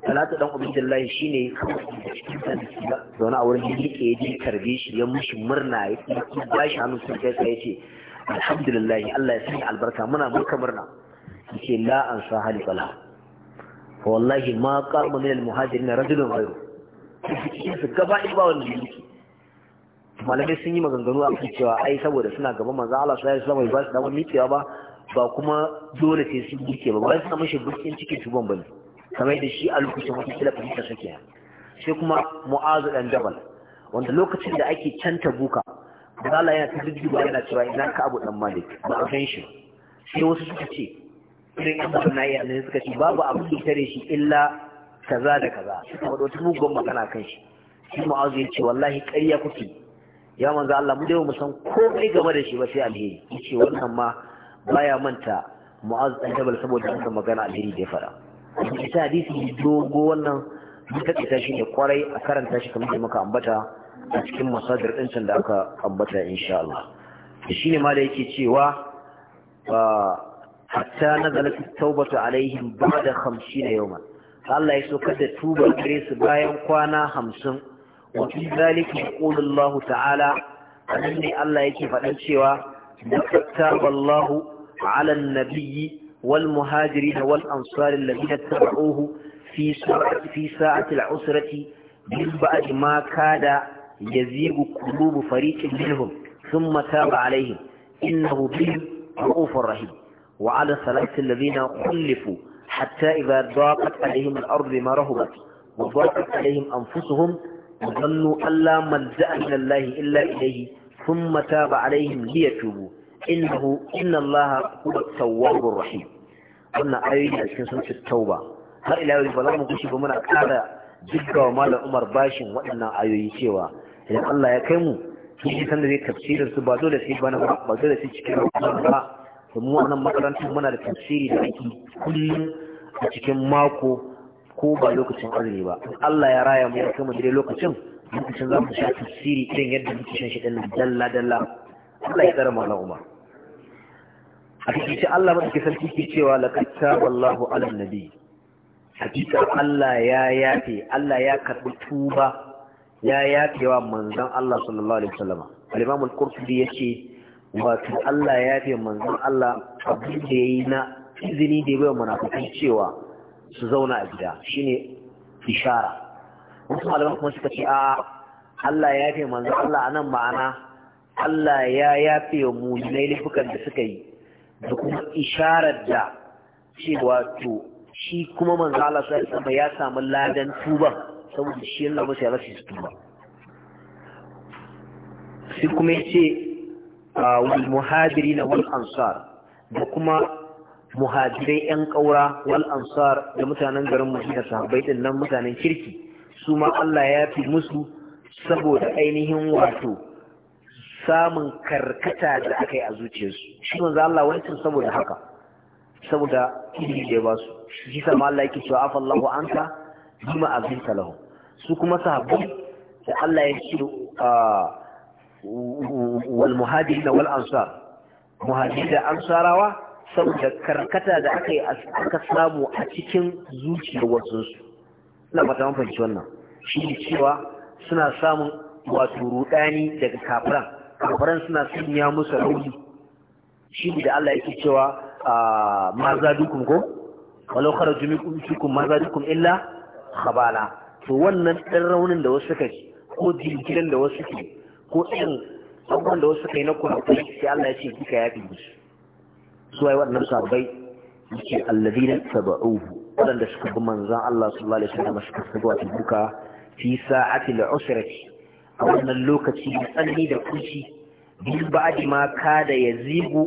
Talatu dan Ubaidillah shine da cikin da zauna a wurin yake yaje karbe shi ya mushi murna ya ba shi hannu sun sai ya ce alhamdulillah Allah ya sanya albarka muna murka murna yace la an hali bala wallahi ma qama min al muhajirin rajulun ghayru su gaba ɗaya ba wanda yake malamai sun yi maganganu a cewa ai saboda suna gaban manzo Allah sai su zama ba su da wani ba ba kuma dole sai sun duke ba ba su mishi bukin cikin tuban bane kamar da shi a lokacin wata kila fahimta sake sai kuma mu'azu dan jabal wanda lokacin da ake canta buka Allah yana ta dudduba yana cewa ina ka abu dan malik ba a san sai wasu suka ce Irin in na yi annabi suka ce babu abu da tare shi illa kaza da kaza wadda wata mugun magana kan shi shi mu'azu ya ce wallahi karya kuke ya manzo Allah mu dai mu san komai game da shi ba sai alheri yace wannan ma baya manta mu'azu dan jabal saboda wannan magana alheri da ya fara ita hadisi dogo wannan duka shi ne kwarai a karanta shi kamar da muka ambata a cikin masadar can da aka ambata insha Allah da ne ma da yake cewa ah, hatta nazalat at-taubatu alaihim ba'da 50 yawman Allah ya saukar da tuba gare su bayan kwana hamsin wa fi zalika yaqulu Allah ta'ala anan ne Allah yake faɗan cewa laqad Allahu 'ala an-nabiyyi wal muhajirin wal ansar alladhina tabauhu fi da fi sa'ati al-usrati min ba'd ma kada yazigu qulubu fariqin minhum thumma taba 'alayhim innahu a ra'ufur rahim وعلى الثلاثة الذين خلفوا حتى إذا ضاقت عليهم الأرض بما رهبت وضاقت عليهم أنفسهم وظنوا أن لا ملجأ من الله إلا إليه ثم تاب عليهم ليتوبوا إنه إن الله هو التواب الرحيم قلنا أيها cikin sunan tauba har ila yau ba za mu gushi ba muna ƙara jiggawa malam Umar bashin waɗannan ayoyi cewa idan Allah ya kai mu shi san da zai su ba dole sai dole sai cikin ba to mu wannan makarantar muna da tafsiri da aiki kullum a cikin mako ko ba lokacin azumi ba Allah ya raya mu ya kama dai lokacin lokacin za mu sha tafsiri irin yadda muke shan shi din dalla dalla Allah ya mu mana umar a cikin Allah ba ke sarki ke cewa laqad taballahu ala nabi hakika Allah ya yafe Allah ya karbi tuba ya yafewa manzon Allah sallallahu alaihi wasallam al-Imam al-Qurtubi yace wato Allah ya fi manzan Allah abin da ya yi na izini da ya bai munafikai cewa su zauna a gida shine ishara wasu malaman kuma suka ce a Allah ya fi manzan Allah A nan ma'ana Allah ya yafe wa laifukan da suka yi da kuma isharar da cewa to shi kuma manzan Allah sallallahu alaihi ya samu ladan tuba saboda shi Allah ba ya rasa tuba sai kuma ya ce. wal muhajirin wal da kuma muhajirai yan ƙaura, walansar, da mutanen garin Madina sahabbai din nan mutanen kirki su ma Allah ya fi musu saboda ainihin wato samun karkata da aka yi a zuciyarsu shi manzo Allah wancan saboda haka saboda ilimi da ya ba su shi ma Allah yake cewa afa Allahu anka bima azinta lahu su kuma sahabbai da Allah ya ce والمهاجرين muhajirin مهاجرين ansar da ansarawa saboda karkata da aka yi aka samu a cikin zuciyar wasu ina fata mun fahimci wannan shi ne cewa suna samun wato rudani daga kafiran kafiran suna sanya musu rauni shi ne da Allah yake cewa ma za dukum ko walau kharaju minkum ma maza dukum illa khabala to wannan dan raunin da wasu suka ji ko jinkirin da wasu suke ko irin abubuwan da wasu kai na kurakurai sai Allah ya ce duka ya fi musu su wai waɗannan sabai yake na tabauhu waɗanda suka bi manzon Allah sallallahu alaihi wasallam suka tabi zuwa duka fi sa'ati da usrati a wannan lokaci na tsanani da kunci bil da ma kada yazigu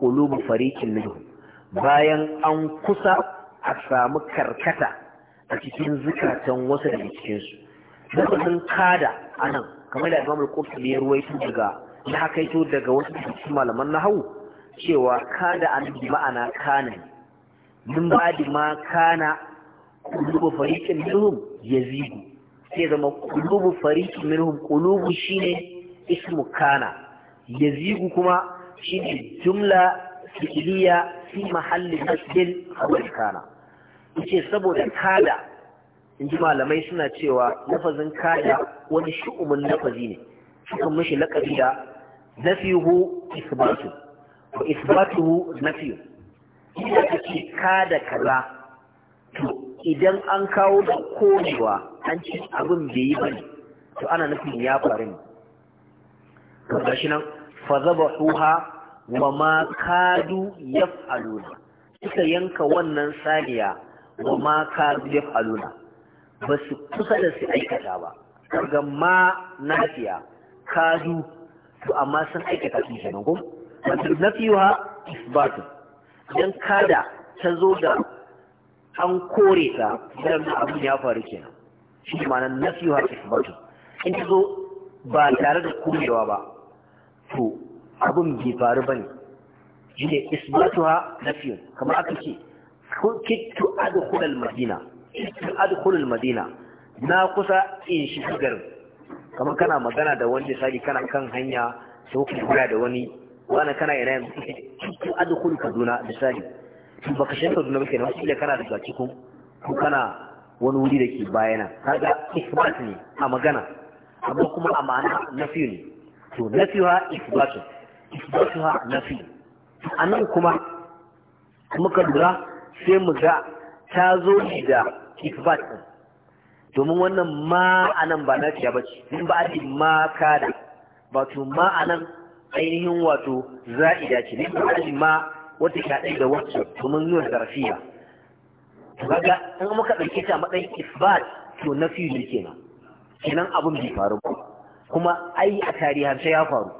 qulubu farikin minhum bayan an kusa a samu karkata a cikin zukatan wasu daga cikinsu lokacin kada anan kamar da imamul qurtubi ya ruwaito daga na hakaito daga wasu cikin malaman nahawu cewa kada an bi ma'ana kana min ba'di ma kana qulubu fariqin minhum yazigu sai zama kulubu fariqin minhum qulubu shine ismu kana yazigu kuma shine jumla fi'liya fi mahallin nasbin khabar kana yace saboda kada in ji malamai suna cewa lafazin kaya wani shu'umin lafazi ne suka mishi laƙabi da nafihu isbatu wa isbatuhu nafiyu inda kake kada kaza to idan an kawo da konewa an ce abin bai yi bane to ana nufin ya faru ne to gashi nan fa zaba zabahuha wa ma kadu yaf'aluna suka yanka wannan saniya wa ma kadu yaf'aluna ba su kusa da su aikata ba kaga ma ka kadu to amma sun aikata su kenan ko wato fiwa isbatu don kada ta zo da an kore ta idan abin ya faru kenan shi na na fiwa isbatu in ta zo ba tare da kurewa ba to abin bai faru ba ne. shi ne na fiwa, kamar aka ce a adkhul al-madina adkhulul madina na kusa in shiga garin kamar kana magana da wani sai kana kan hanya sai kuka kula da wani wani kana ina yanzu in adkhul kaduna sai to baka shiga kaduna kake wasu ila kana daga cikin ko kana wani wuri da ke bayana kaga isbat ne a magana amma kuma a ma'ana nafi ne to nafiha isbatu ha nafi anan kuma muka lura sai mu ga ta zo da isbat din domin wannan ma anan ba na ciya bace in ba a ma kada wato ma anan ainihin wato za'ida ce ne ba a ma wata shaɗai da wacce domin nuna zarafiya kaga in muka ɗauke ta matsayin isbat to na fiye ne kenan kenan abin bai faru ba kuma ai a tarihance ya faru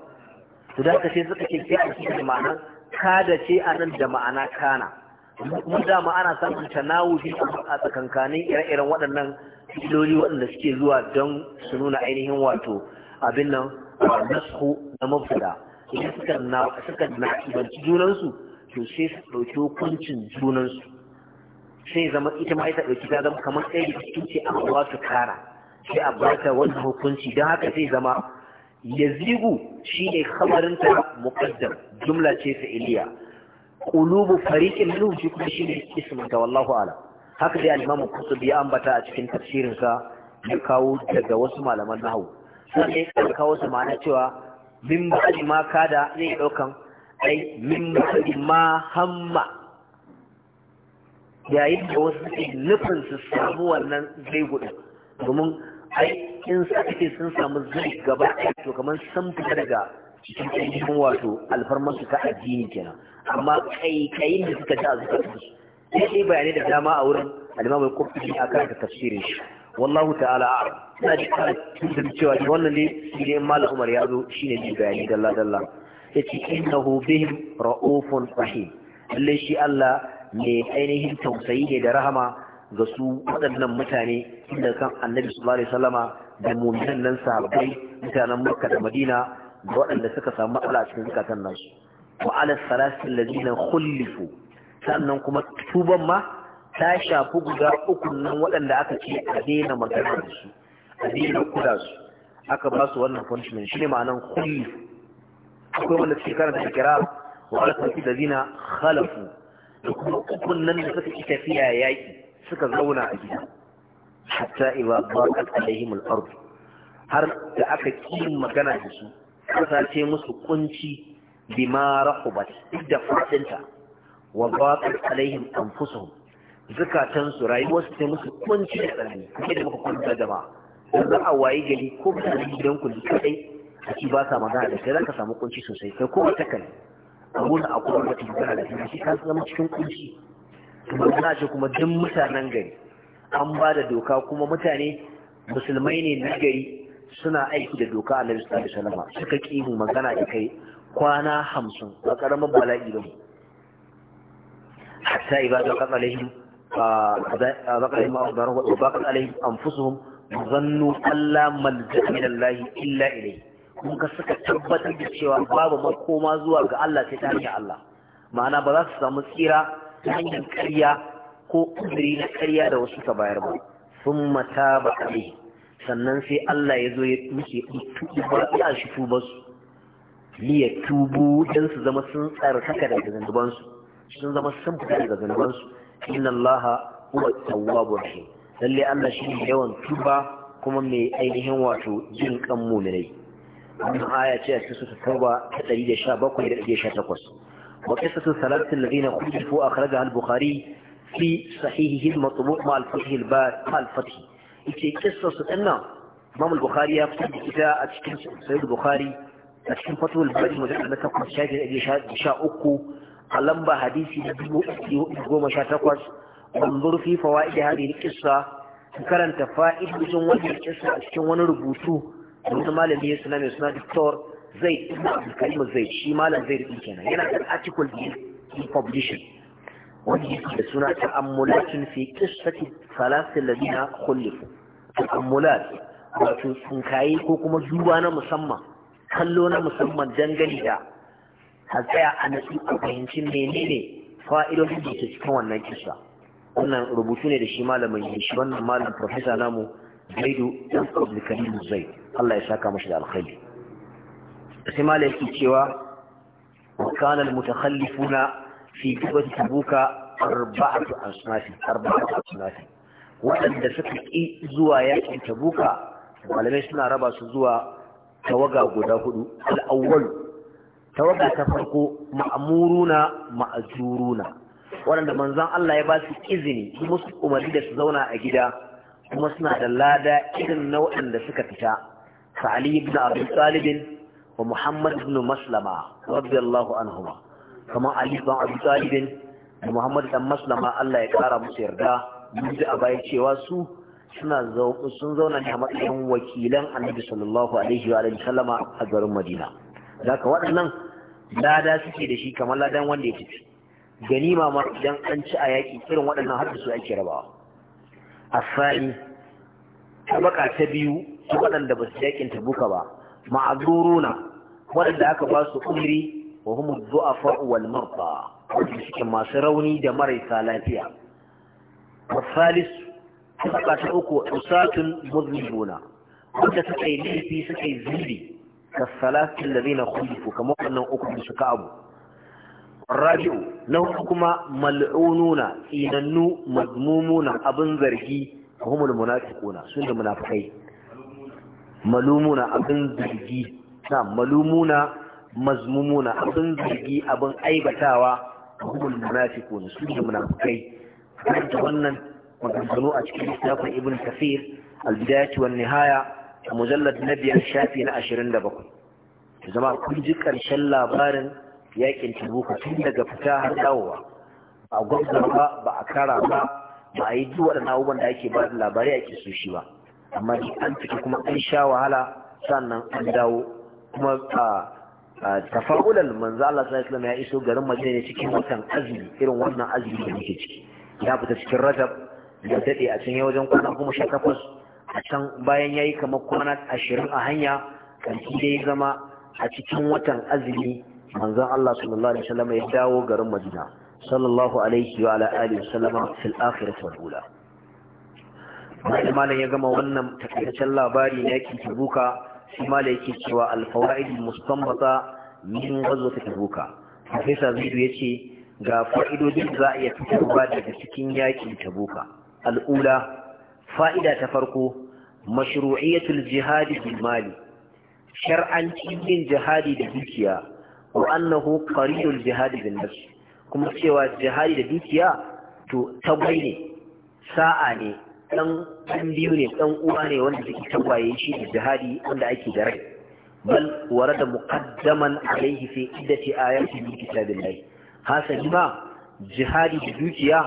to da haka sai suka ce sai a cikin ma'anar kada ce anan da ma'ana kana kuma dama ana samun tanawuhi a tsakankanin ire-iren waɗannan filoli waɗanda suke zuwa don su nuna ainihin wato abin nan nasu na mafuda idan suka na suka na junansu to sai su ɗauki hukuncin junansu sai zama ita ma ita ɗauki ta zama kamar ɗaya da cikin ce a ba su kara sai a bata hukunci don haka sai zama yazigu shi ne kamarinta muqaddam jumla ce fa'iliya Kulubu fariqin Nuhu shi kuma shine ismun ta wallahu ala haka dai al-imamu qurtubi ya ambata a cikin tafsirin sa ya kawo daga wasu malaman nahwu sai ya kawo su ma'ana cewa min ba'di ma kada zai daukan ai min ba'di ma hamma yayin da wasu suke nufin su samu wannan zai gudu domin ai in suka sun samu zai gaba to kamar sun fita daga cikin wato su ta addini kenan amma kaikayin da suka ta zuka su sai dai bayanai da dama a wurin al-imam al-qurtubi akan tafsirin shi wallahu ta'ala a'lam ina ji kana tunzun cewa wannan ne shi ne malam Umar ya zo shi ne ji bayani dalla dalla yace innahu bihim ra'ufun rahim lalle shi Allah ne ainihin tausayi ne da rahama ga su waɗannan mutane inda kan annabi sallallahu alaihi wasallama da mu'minan nan sahabbai mutanen Makka da Madina da waɗanda suka samu matsala a cikin zakatan nasu wa ala salasin lazina khullifu sannan kuma tuban ma ta shafi guda uku nan waɗanda aka ce a daina magana da su a daina kula su aka ba su wannan punishment shine ma'anan kulli akwai wanda suke karanta kira wa ala da zina khalafu da kuma ukun nan da suka ci tafiya yaƙi suka zauna a gida hatta iba baqat alaihim al-ard har da aka ki magana da su kasa ce musu kunci bima rahubat da fadinta wa baqat alaihim anfusuhum zakatan su rayuwar su musu kunci da tsanani kake da muka kunta jama'a dan za a waye gari ko mutane gidan ku kadai a ci ba sa magana da kai zaka samu kunci sosai kai ko ta kai a gurin akwai wanda ta magana da shi ka zama cikin kunci kuma na ce kuma duk mutanen gari an ba da doka kuma mutane musulmai ne na gari suna aiki da doka a nabi sallallahu alaihi wasallam suka kihu magana da kai kwana hamsin ba karamar bala'i ba hatta ibadu a فذكرهم أخباره وضاقت عليهم أنفسهم ظنوا ألا ملجأ من kun ka suka tabbatar da cewa babu makoma zuwa ga Allah sai ta hanyar Allah ma'ana ba za su samu tsira ta hanyar karya ko kudiri na karya da wasu ka bayar ba sun mata ba sannan sai Allah ya zo ya muke tuɓi ba ya shi tuba su liya tubu dan su zama sun tsarkaka daga zanubansu sun zama sun fita daga zanubansu inna allaha huwa tawwabur rahim lalle Allah shi ne yawan tuba kuma mai ainihin wato jin kan mu'minai wannan aya ce a cikin tauba ta 117 da 118 wa qissatu salati alladhina khulifu akhrajaha al-bukhari fi sahihihi al-matbu' ma al-fath al-bar al-fath ita qissatu dinnan Imam al-Bukhari ya fi da ita a cikin Sahih al-Bukhari a cikin fatul bari mujallal na takwas shafi na sha uku a lamba hadisi na dubu goma sha takwas wanzur fi fawaid hadin qissa karanta fa'idojin wannan kissa a cikin wani rubutu da wani malami ya suna mai suna doctor zaid ibn abdul karim zaid shi malam zaid din kenan yana da article da he published wanda yake da suna ta'ammulatun fi qissati salasil ladina khulifu ta'ammulat wato sunkaye ko kuma duba na musamman kallo na musamman dangane da a a natsu a fahimci menene fa'idodin da ke cikin wannan kisa wannan rubutu ne da shi malamin yi shi wannan malam profesa namu zaidu dan abdulkarim zai Allah ya saka mashi da alkhairi sai malam yake cewa wa kana al-mutakhallifuna fi gabati tabuka arba'atu asnafi arba'atu asnafi waɗanda suka ƙi zuwa yakin tabuka malamai suna raba su zuwa tawaga guda hudu al'awwal tawaga ta farko ma'amuruna ma'ajuruna waɗanda manzon Allah ya ba su izini su umarni da su zauna a gida kuma suna da lada irin na waɗanda suka fita ka Ali ibn Abi Talib wa Muhammad ibn Maslama radiyallahu anhuma kamar Ali ibn Abi Talib da Muhammad ibn Maslama Allah ya kara musu yarda yanzu a baya cewa su suna sun zauna ne a matsayin wakilan annabi sallallahu alaihi wa sallama a garin madina zaka waɗannan lada suke da shi kamar ladan wanda ya tafi Gani, ma idan an ci a yaƙi irin waɗannan har da su ake rabawa asali tabaka ta biyu su waɗanda ba su yaƙin tabuka ba ma'azuruna waɗanda aka ba su umri wa humu du'afa wal marfa waɗanda suke masu rauni da marasa lafiya والثالث suka ta uku usatun muzlimuna wanda ta kai laifi suka yi zubi ka salatin da zina kulifu kamar wannan uku da suka abu rabi'u na hudu kuma mal'ununa tsinannu mazmumuna abin zargi humul munafiquna sun da munafikai malumuna abin zargi na malumuna mazmumuna abin zargi abin aibatawa humul munafiquna sun da munafikai wannan maganganu a cikin lissafin ibn kafir albidayatu wan nihaya a mujallad na biyar shafi na ashirin da bakwai ta zama kun ji ƙarshen labarin yakin tabuka tun daga fita har dawowa ba a gwamna ba ba a kara ba ba a yi duk waɗannan abubuwan da ake ba da labarai ake so shi ba amma an fita kuma an sha wahala sannan an dawo kuma a tafa'ulal manzo Allah sallallahu alaihi ya iso garin Madina cikin watan azumi irin wannan azumi da muke ciki ya fita cikin Rajab ya daɗe a can ya wajen kwana goma sha takwas a can bayan ya yi kamar kwana ashirin a hanya karfi da ya zama a cikin watan azumi manzon Allah sallallahu alaihi wasallam ya dawo garin Madina sallallahu alaihi wa alihi wasallam fil akhirati wal ula wanda malam ya gama wannan takaitaccen labari na yake tabuka shi malam yake cewa al fawaid mustanbata min ghazwat tabuka professor zidu ce, ga fa'idodin za a iya fitarwa daga cikin yakin tabuka al'ula fa'ida ta farko mashru'iyatul jihadi bil shar'anci yin jihadi da dukiya wa annahu qarinul jihadi bin nafs kuma cewa jihadi da dukiya to tagwai ne sa'a ne dan dan biyu ne dan uwa ne wanda take tagwaye shi da jihadi wanda ake da rai bal warada muqaddaman alayhi fi iddati ayatin min kitabillah hasali ma jihadi da dukiya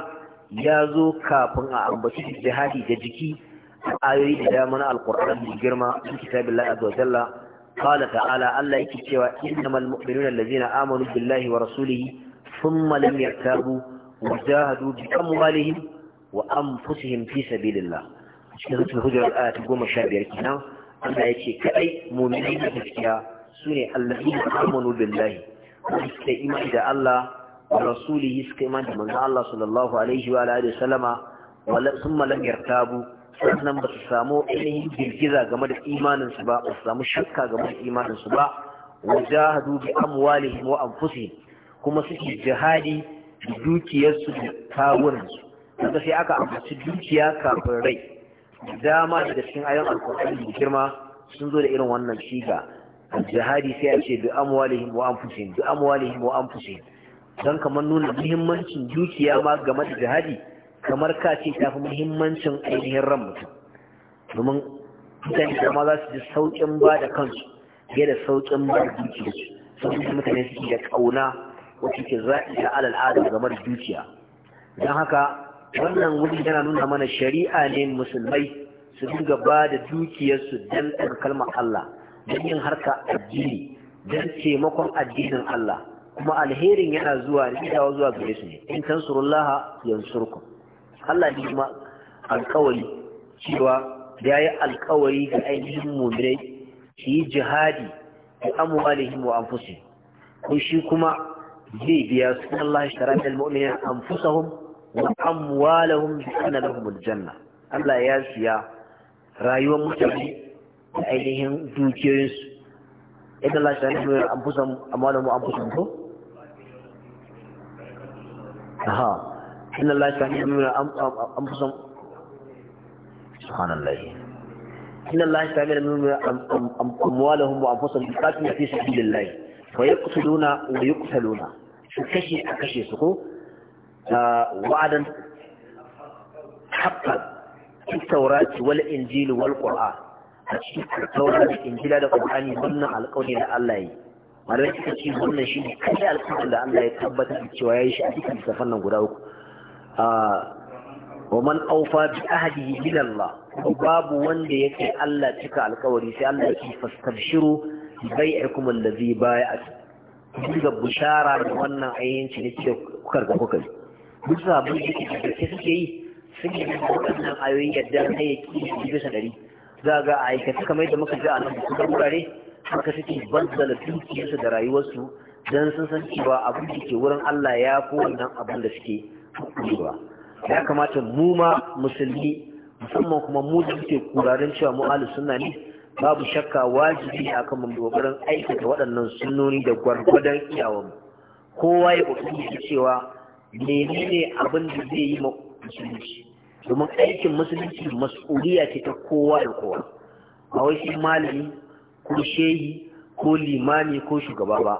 ya zo kafin a ambaci jihadi da jiki a ayoyi da dama na alqur'ani girma in kitabillahi azza wa jalla qala ta'ala Allah yake cewa innamal mu'minuna na amanu billahi wa rasulihi thumma lam yartabu wa jahadu bi amwalihim wa anfusihim fi sabilillah cikin suratul hujurat aya ta 15 kenan Allah yake kadai mu'mini da gaskiya sune allazina amanu billahi wanda suka imani da Allah wa rasulihi suka yi da manzo Allah sallallahu alaihi wa alihi wasallama wala summa lam yartabu sannan ba su samu ainihin girgiza game da imanin su ba ba su samu shakka game da imanin su ba wajahadu bi amwalihim wa anfusihim kuma suke jihadi da dukiyarsu da kawunansu kaga sai aka ambaci dukiya kafin rai dama da cikin ayon alkur'ani da girma sun zo da irin wannan shiga jihadi sai a ce bi amwalihim wa anfusihim bi amwalihim wa anfusihim don kamar nuna muhimmancin dukiya ma game da jihadi kamar ka ce ta fi muhimmancin ainihin ran mutum domin mutane da ma za su ji sauƙin ba da kansu fiye da sauƙin ba da dukiyarsu sauƙin mutane suke da ƙauna wacce ke zaɓi ta al'ada game da dukiya don haka wannan wuri yana nuna mana shari'a ne musulmai su dinga ba da dukiyarsu don ɗan kalmar Allah don yin harka addini don taimakon addinin Allah kuma alherin yana zuwa rikidawa zuwa gare su ne in tansurullah yansurkum Allah ne kuma alkawari cewa ya yi alkawari ga ainihin mummire shi yi jihadi da amwalihim wa anfusihim ko shi kuma zai biya su Allah shara da mu'minin anfusahum wa amwalahum bi anna lahum aljanna Allah ya siya rayuwar mutane da ainihin dukiyoyinsu idan Allah shara da mu'minin anfusahum amwalahum wa anfusahum aha inna allahi kan yamuna am am fusum subhanallahi inna allahi kan yamuna amwalahum wa anfusahum bi qatil fi sabilillah wa yaqtuluna wa yuqtaluna su kashe a kashe su ko ah, wa'adan haqqan fi wal wal qur'an a cikin injila da qur'ani wannan alƙawari da Allah malamai suka ce wannan shi ne kai alƙawarin da Allah ya tabbatar da cewa ya yi shi a cikin lissafan nan guda uku wa man aufa bi ahdihi min babu wanda yake Allah cika alƙawari sai Allah ci fastabshiru bai'ikum allazi bai'at diga bushara da wannan ayyin ciniki da kuka ga kuka yi duk sabon da ke suke yi sun yi wannan ayoyin yadda kai yake bisa dari za ga aikace kamar yadda muka ji a nan da wurare haka suke banzala dukiyarsu da rayuwarsu don sun san cewa abin da ke wurin Allah ya fi wannan abin da suke kurewa ya kamata mu ma musulmi musamman kuma mu da suke kurarin cewa mu suna suna ne babu shakka wajibi ne kan mu aikata waɗannan sunnoni da gwargwadon iyawan kowa ya da cewa menene abin da zai yi musulunci domin aikin musulunci mas'uliya ce ta kowa da kowa a wasu malami ko shehi ko limami ko shugaba ba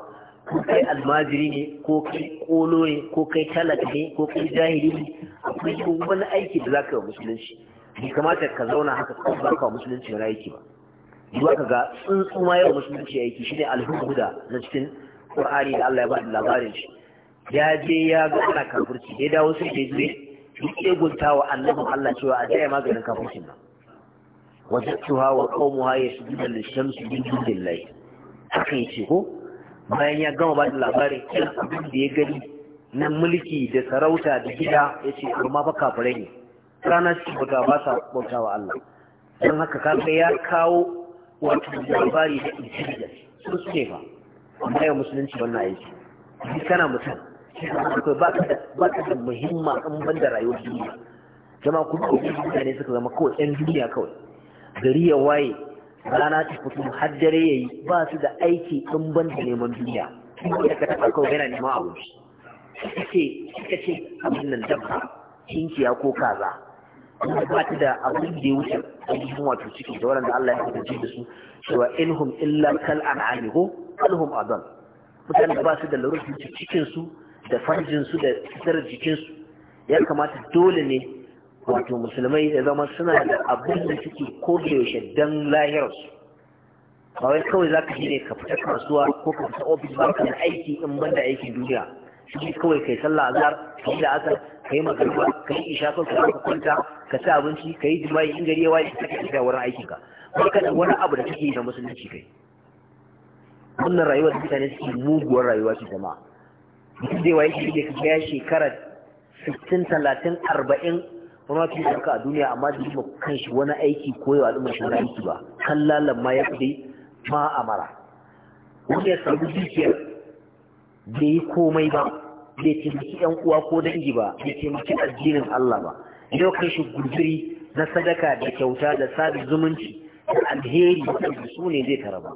ko kai almajiri ne ko kai kolo ne ko kai talaka ne ko kai jahili ne akwai wani aiki da zaka yi musulunci bai kamata ka zauna haka ko ba ka musulunci na aiki ba zuwa ka ga tsuntsu ma yau musulunci aiki shine alhuda na cikin qur'ani da Allah ya bada labarin shi ya je ya ga ana kafirci ya dawo sai da zuwa duk eguntawa annabin Allah cewa a tsaya maganin kafircin nan wajadtuha wa qaumuha yasjuduna lish-shamsi min dunillah haka yace ko bayan ya gama ba da labarin kin abin da ya gani na mulki da sarauta da gida yace amma fa kafirai ne rana su bauta ba sa bauta wa Allah don haka kaga ya kawo wato labari da intelligence su ne ba amma ya musulunci wannan aiki shi kana mutum akwai ba ka da muhimma an banda rayuwar duniya jama'a kuma ku ne suka zama kawai yan duniya kawai gari ya waye rana ta fito har dare yayi ba su da aiki ɗin ban neman duniya da ka taɓa kawai yana neman abinci ce suka ce abin nan dabba kinkiya ko kaza kuma ba ta da abin da ya wuce ainihin wato cikin da waɗanda Allah ya kasance da su cewa inhum illa kal an'ami ko kalhum adal mutane ba su da larurin cikin su da farjin su da fitar jikin su ya kamata dole ne wato musulmai ya zama suna da abin da suke ko da yaushe dan lahirarsu ba wai kawai za ka shine ka fita kasuwa ko ka fita ofis ba ka aiki in banda aikin duniya shi kawai kai sallah azhar kai da asar kai magariba kai isha ko ka kwanta ka ci abinci kai jima'i in gari ya waye ka tafi da wurin aikin ka ba ka da wani abu da kake da musulunci kai wannan rayuwar da mutane suke muguwar rayuwa ce jama'a mutum zai waye shi ne ka ga shekara sittin talatin arba'in kuma da haka a duniya amma da yi kan shi wani aiki ko yau shi wani aiki ba kallalan ma ya fi ma mara wani ya samu dukiyar da yi komai ba bai taimaki yan uwa ko dangi ba bai taimaki addinin Allah ba yau kai shi gurguri na sadaka da kyauta da sabi zumunci da alheri da su ne zai tara ba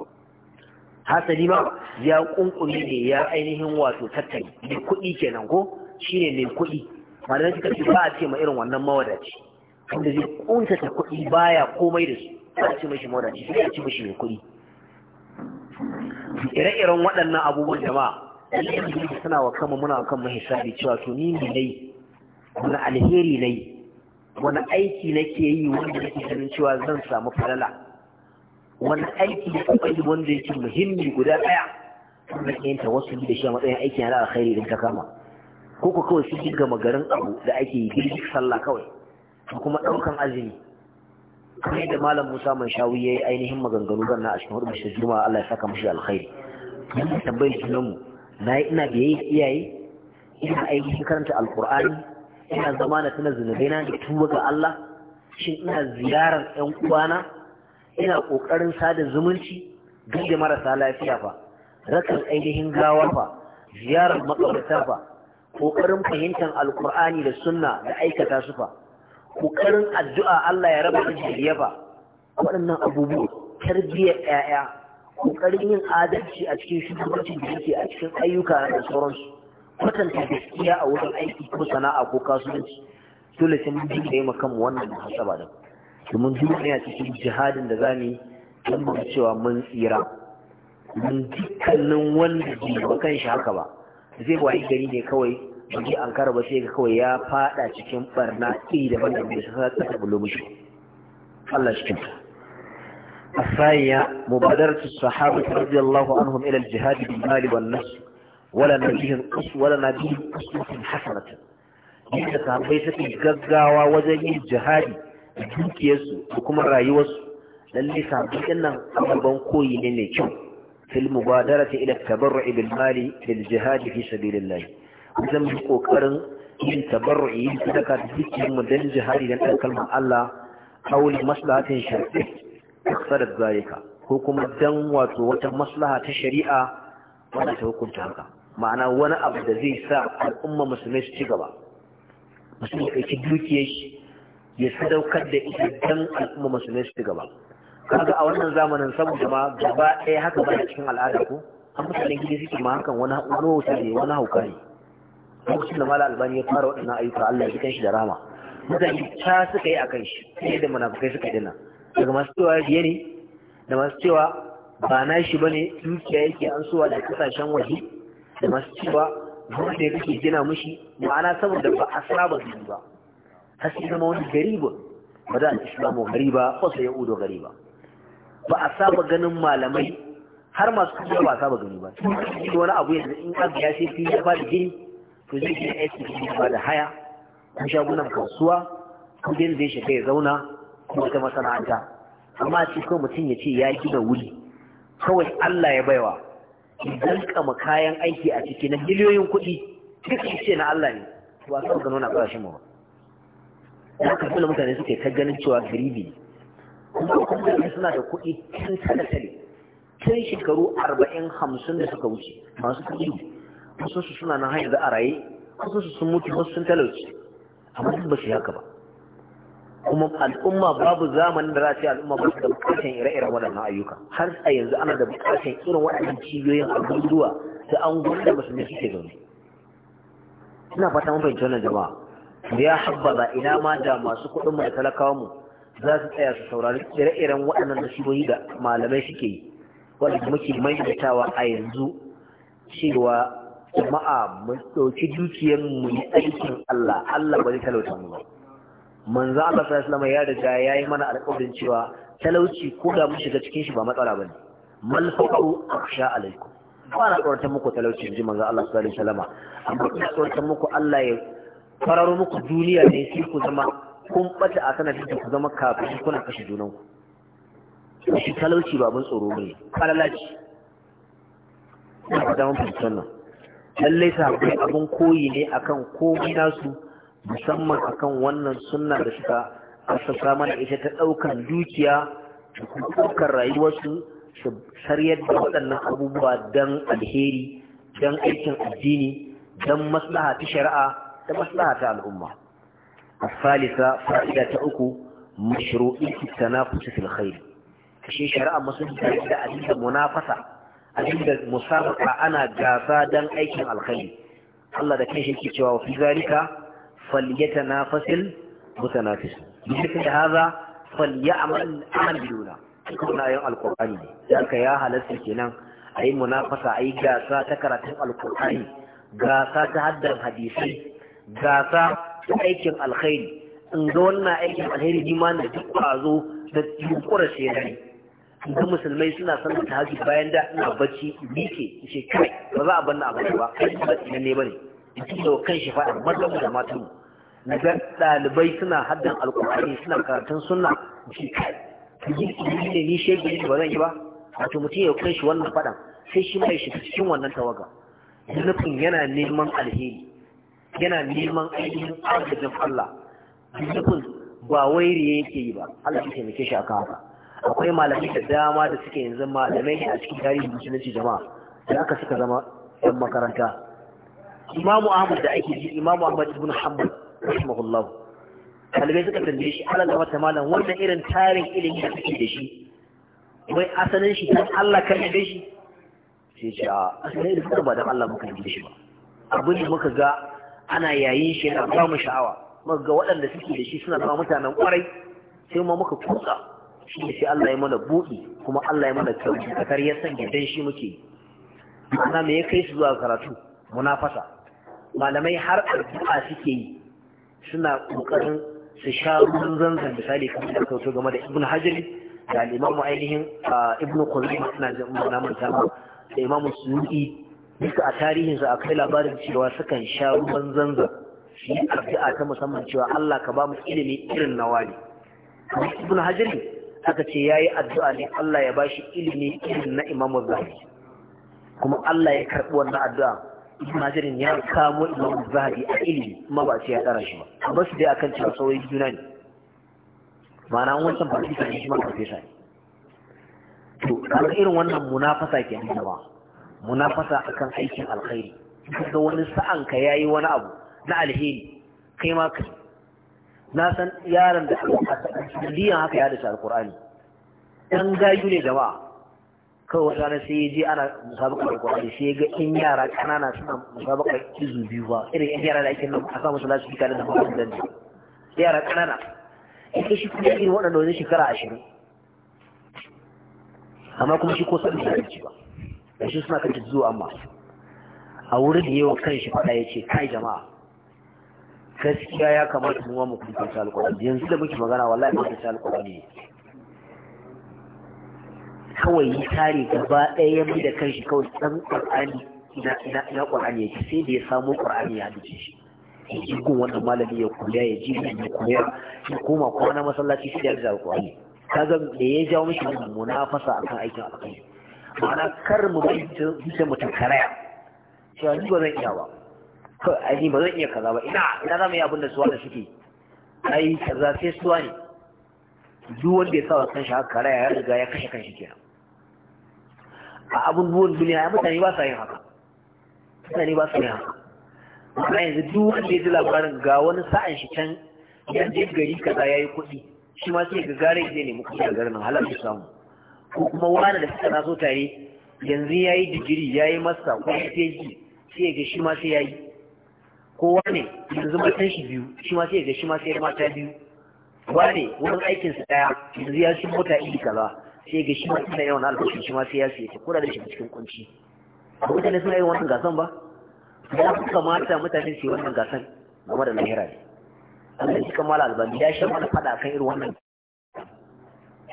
hasali ma ya kunkumi ne ya ainihin wato tattali mai kuɗi kenan ko shine mai kuɗi malamai suka ce ba a ce ma irin wannan mawadaci wanda zai kunta ta kuɗi baya komai da su ba a ce mashi mawadaci sai a ce mashi mai kuɗi ire-iren waɗannan abubuwan jama'a yanzu da suna wa kama muna kan mahisabi cewa to ni ne nai wani alheri nai wani aiki nake yi wanda ke sanin cewa zan samu falala wani aiki da kuma yi wanda yake muhimmi guda ɗaya wanda ke yin tawassul da shi a matsayin aiki na khairi idan ta kama ko ku kawai shi gama garin abu da ake yi girgin sallah kawai ko kuma ɗaukan azumi kamar da malam musa man shawi ya yi ainihin maganganu ganna na cikin hudu mashi juma'a allah ya saka mashi alkhairi yana tambayar junanmu na yi ina da yayi iyaye ina aiki karanta alkur'ani ina zama na tuna da tuba ga allah shin ina ziyarar yan uwana ina kokarin sada zumunci duk da marasa lafiya fa rakan ainihin gawa fa ziyarar makabarta fa kokarin fahimtar alkur'ani da sunna da aikata su fa kokarin addu'a Allah ya raba jiriya fa waɗannan abubuwa tarbiyyar 'ya'ya kokarin yin adalci a cikin shugabancin da yake a cikin ayyuka da sauransu kwatanta gaskiya a wurin aiki ko sana'a ko kasuwanci dole sai mun dinga ma kanmu wannan hasaba da domin dole a cikin jihadin da zamu yi dan cewa mun tsira mun dukkanin wanda bai kan shi haka ba zai wayi gari ne kawai ba zai an ba sai ga kawai ya fada cikin barna iri daban da bai sa ta bulo mushi Allah shi kinta الثانية مبادرة الصحابة رضي الله bil mal wal بالمال wala ولا نبيهم wala ولا نبيهم fi حسنة yadda sahabbai suke gaggawa wajen yin jihadi da dukiyarsu da kuma rayuwarsu lalle sabbin ɗin nan ababen koyi ne mai kyau في المبادرة إلى التبرع بالمال للجهاد في سبيل الله zan yi kokarin yin tabarru'i yin sadaka da dukkan mu dan jihadi dan ɗan kalmar Allah hauli maslahatin shar'i tsarar zalika ko kuma dan wata maslaha ta shari'a wanda ta hukunta haka ma'ana wani abu da zai sa al'umma musulmai su ci gaba dukiyar shi ya sadaukar da ita dan al'umma musulmai su ci gaba kaga a wannan zamanin saboda ma gaba ɗaya haka ba cikin al'ada ko an mutanen gidi suke ma hakan wani wuta ne wani hauka ne lokacin da mala albani ya fara waɗannan ayyuka Allah ya kan shi da rama mutane ta suka yi a kan shi sai da munafukai suka dina daga masu cewa biye ne da masu cewa ba na shi bane dukiya yake an suwa da kasashen waje da masu cewa wanda ya kake gina mushi ma'ana saboda ba a saba su ba har sai zama wani gari ba za a gari gariba ko sai ya udo gariba ba a saba ganin malamai har masu kuma ba a saba gani ba shi wani abu yanzu in abu ya sai ya ba da gini to zai gina aiki da ba da haya ko shagunan kasuwa ko gini zai shiga ya zauna ko wata masana'anta amma shi kawai mutum ya ce ya gina wuri kawai Allah ya baiwa idan kama kayan aiki a ciki na miliyoyin kuɗi duk shi ce na Allah ne ba a saba gano na ƙarshen mu ba. Haka dole mutane suke ta ganin cewa garibi ne. kuma kuma suna da kuɗi tun tale-tale tun shekaru arba'in hamsin da suka wuce masu kuɗi wasu su suna na hanyar da a raye wasu su sun mutu wasu sun talauci amma ba su haka ba kuma al'umma babu zamanin da za a ce al'umma ba su da bukatan ire-iren waɗannan ayyuka har a yanzu ana da bukatan irin waɗannan cibiyoyin abubuwa da an gwada musulmi suke zaune ina fata mun fahimci wannan jama'a ya habbaza ina ma da masu kuɗin mu da talakawa mu za su tsaya su saurari ire-iren waɗannan da nasiboyi da malamai suke yi wanda muke maimaitawa a yanzu cewa jama'a mu ɗauki dukiyar mu yi aikin Allah Allah ba zai talauta mu ba manzo Allah sallallahu alaihi ya riga yayi mana alƙawarin cewa talauci ko da mun shiga cikin shi ba matsala bane mal faqu akhsha alaikum ba na tsoratar muku talauci ji manzo Allah sallallahu alaihi wasallam amma ina tsoratar muku Allah ya fararo muku duniya ne sai ku zama kun bata a sanadin ku zama kafin kuna kashe junanku shi talauci babun tsoro ne kalalaci ina fata mun fahimci nan. lallai sahabbai abin koyi ne akan komai nasu musamman akan wannan sunna da suka asasa mana ita ta ɗaukar dukiya da kuma ɗaukar rayuwarsu su saryar da waɗannan abubuwa don alheri don aikin addini don maslaha ta shari'a da maslaha ta al'umma الثالثة فائدة أكو مشروعية التنافس في الخير شيء شرع مسلم إذا أديت منافسة أديت مسابقة أنا جافادا أيش الخير الله ده كان شيء كتوا وفي ذلك فليتنافس المتنافس بشكل هذا فليعمل عمل بدونه كنا أيام القرآن ذلك يا هل سكينا أي منافسة أي جافا تكرة القرآن جافا تهدر حديثي جافا aikin alkhairi in ga wannan aikin alkhairi jimanin da duk ƙwazo da yunkura sai dare ga musulmai suna son ta hajji bayan da ina bacci mike in ce kai ba za a banna a bacci ba kai ba ina ne bane in ci da kan shi faɗa mazan da matan na ga ɗalibai suna haddan alƙur'ani suna karatun sunna in ce kai yi ne ni shege ne ba zan yi ba wato mutum ya kai shi wannan faɗan sai shi mai shi cikin wannan tawaga nufin yana neman alheri yana neman ainihin agajin Allah nufin ba wairi yake yi ba Allah ya taimake shi akan haka akwai malamai da dama da suke yanzu malamai a cikin tarihin musulunci jama'a da aka suka zama yan makaranta imamu ahmad da ake ji imamu ahmad ibn hanbal rahimahullahu talibai suka tambaye shi ala gaba ta malam wannan irin tarin ilimi da kake da shi wai asalin shi dan Allah kan da shi sai ce a asalin ilimin ba dan Allah muka yi da shi ba abin da muka ga ana yayin shi yana samun sha'awa muka ga waɗanda suke da shi suna zama mutanen kwarai sai ma muka kutsa shi ne sai Allah ya mana buɗi kuma Allah ya mana kyauci kakar ya sanya dan shi muke ana me ya kai su zuwa karatu munafasa malamai har addu'a suke yi suna kokarin su sha ruwan zanzan misali kamar da kawo game da ibn hajari da Imam ainihin ibn kuzaima suna mun na mutama da Imam sunu'i duka a tarihinsa akwai labarin cewa sukan sha ruwan zanzan su yi addu'a ta musamman cewa Allah ka ba mu ilimi irin na wani ibn hajar aka ce ya yi addu'a ne Allah ya bashi ilimi irin na imamu zahari kuma Allah ya karɓi wannan addu'a ibn hajar ya kamo Imam zahari a ilimi kuma ba sai ya tsara shi ba amma su dai akan cewa sauyi juna ne ma'ana wancan ba ne shi ma kafesa ne to kamar irin wannan munafasa ke nuna ba munafasa akan aikin alkhairi kaga wani sa'an ka yayi wani abu na alheri kai ma kai na san yaron da sanadiyan haka ya dace alqur'ani dan gayu ne jama'a kawai wata rana sai ya je ana musabakar alkur'ani sai ya ga in yara kanana suna musabakar kizu biyu ba irin yan yara da ake nan a sa musu lasu da da zama da yara kanana ita shi kuma irin waɗanda wani shekara ashirin amma kuma shi ko sabbin da ba da shi suna kanta zuwa amma a wurin da yawan kanshi faɗa ya ce kai jama'a gaskiya ya kamata mu mu kuma ta alƙur'ani yanzu da muke magana wallahi ba ta ne. kawai yi tare gaba ɗaya mai da kanshi kawai ɗan ƙur'ani na ƙur'ani ya ce sai da ya samo ƙur'ani ya haɗu shi ya ji gun wannan malami ya kula ya ji ya koya ya koma kwana masallaci shi da ya zaɓa Ta kaga da ya jawo mishi munafasa akan aikin alƙairi ma'ana kar mu bai zuciyar mutum karaya cewa ni ba zan iya ba kawai ai ba zan iya kaza ba ina ina za mu yi abin da suwa da suke ai kaza sai suwa ne duk wanda ya sa wa shi haka karaya ya riga ya kashe kanshi kenan a abubuwan duniya ya mutane ba sa yin haka mutane ba sa yin haka ma'ana yanzu duk wanda ya ji labarin ga wani sa'an shi can ya je gari kaza ya yi kuɗi shi ma sai ga garin zai nemi kuɗi a garin halar su samu ko kuma wani da suka taso tare yanzu ya yi digiri ya yi masa ko ya sai sai ga shi ma sai ya yi ko wane yanzu matan shi biyu shi ma sai ga shi ma sai ya mata biyu wane wurin aikinsa ɗaya yanzu ya shi mota iri kaza sai ga shi ma ina wani albashin shi ma sai ya siya ko da shi cikin kunci ba mutane suna yin wannan gasan ba ya fi kamata mutane su yi wannan gasan game da lahira ne Allah shi kamala albani ya shi mana faɗa kan irin wannan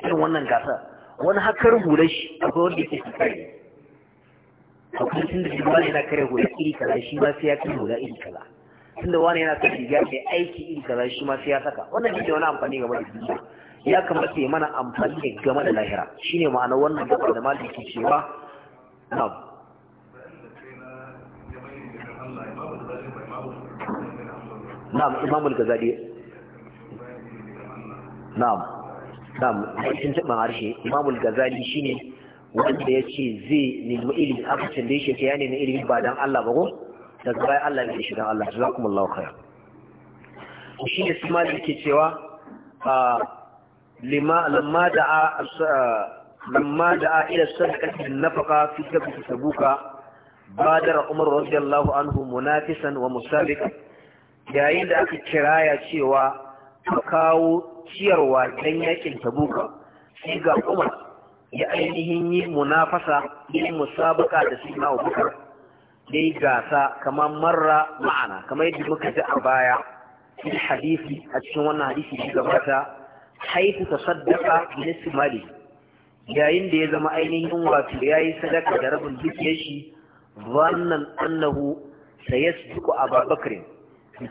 irin wannan gasar wani hakar hula shi da ke yake a kuma tun da shi wani yana kare hula iri kaza shi ma sai ya hula iri kaza tun da wani yana kare riga mai aiki iri kaza shi ma sai ya saka wannan shi da wani amfani game da duniya ya kamata ya mana amfani ne game da lahira shine ma'ana wannan da da malin ke cewa na na'am imamul gazali na'am sam cikin taɓin harshe imamul gazali shine wanda ya ce zai nemi ilimi aka da ya ta yanayi na ilimi ba don Allah ba ko daga bayan Allah ya shiga, Allah shi dan Allah jazakumullahu khair shi ne su malik ke cewa lamma da lamma da'a ila sadaqati nafaqa fi kafi sabuka da umar radiyallahu anhu munafisan wa musabiqan yayin da aka kiraya cewa kawo ciyarwa dan yakin tabuka sai ga umar ya ainihin yi munafasa yi musabaka da na abubakar da yi gasa kamar marra ma'ana kamar yadda muka ji a baya cikin hadisi a cikin wannan hadisi shi gabata haifu ta saddaka nisi mali yayin da ya zama ainihin wato ya yi sadaka da rabin dukiyar shi wannan annahu a babakarin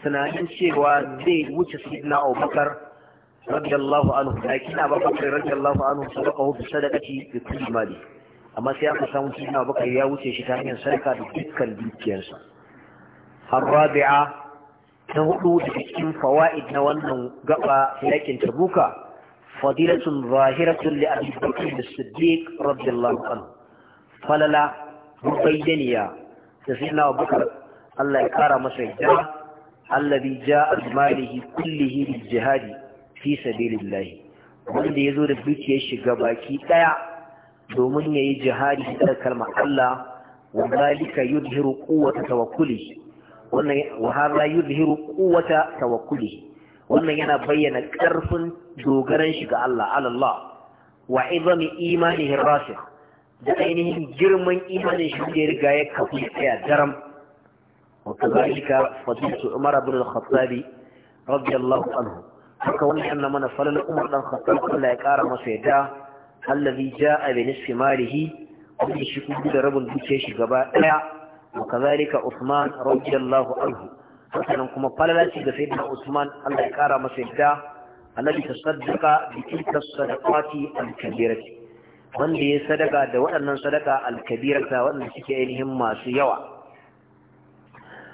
tunanin cewa zai wuce na abubakar رضي الله عنه لكن أبا بكر رضي الله عنه سبقه بالصدقة بكل ماله أما سيأخذ سامو سيدنا أبا بكر ياوتي شتانيا صدقة بتلك البيتيانسا الرابعة نهدو لتكين فوائد نوانا قبع لكن تبوكا فضيلة ظاهرة لأبي بكر الصديق رضي الله عنه فللا مبينية سيدنا أبا بكر الله يكرم سيدنا الذي جاء بماله كله للجهاد fi sabilillahi wanda ya zo da dukiyar shiga baki ɗaya domin ya yi jihadi da kalmar Allah wa zalika yudhiru quwwata tawakkuli wannan wa hadha yudhiru quwwata tawakkuli wannan yana bayyana ƙarfin dogaran shi ga Allah Allah wa izami imanihi rasikh da ainihin girman imanin shi da ya riga ya kafu ya daram wa kazalika fadilatu umar ibn al-khattab radiyallahu anhu haka wani yana mana falal umar ɗan khattab Allah ya kara masa yadda allazi ja bi nisfi malihi wanda shi kuma da rabin duke shi gaba ɗaya wa kazalika Uthman radiyallahu anhu Sannan kuma falalaci da sayyidina Usman, Allah ya kara masa yadda alladhi tasaddaqa bi tilka sadaqati al-kabirati wanda ya sadaka da waɗannan sadaka al-kabirata waɗanda suke ainihin masu yawa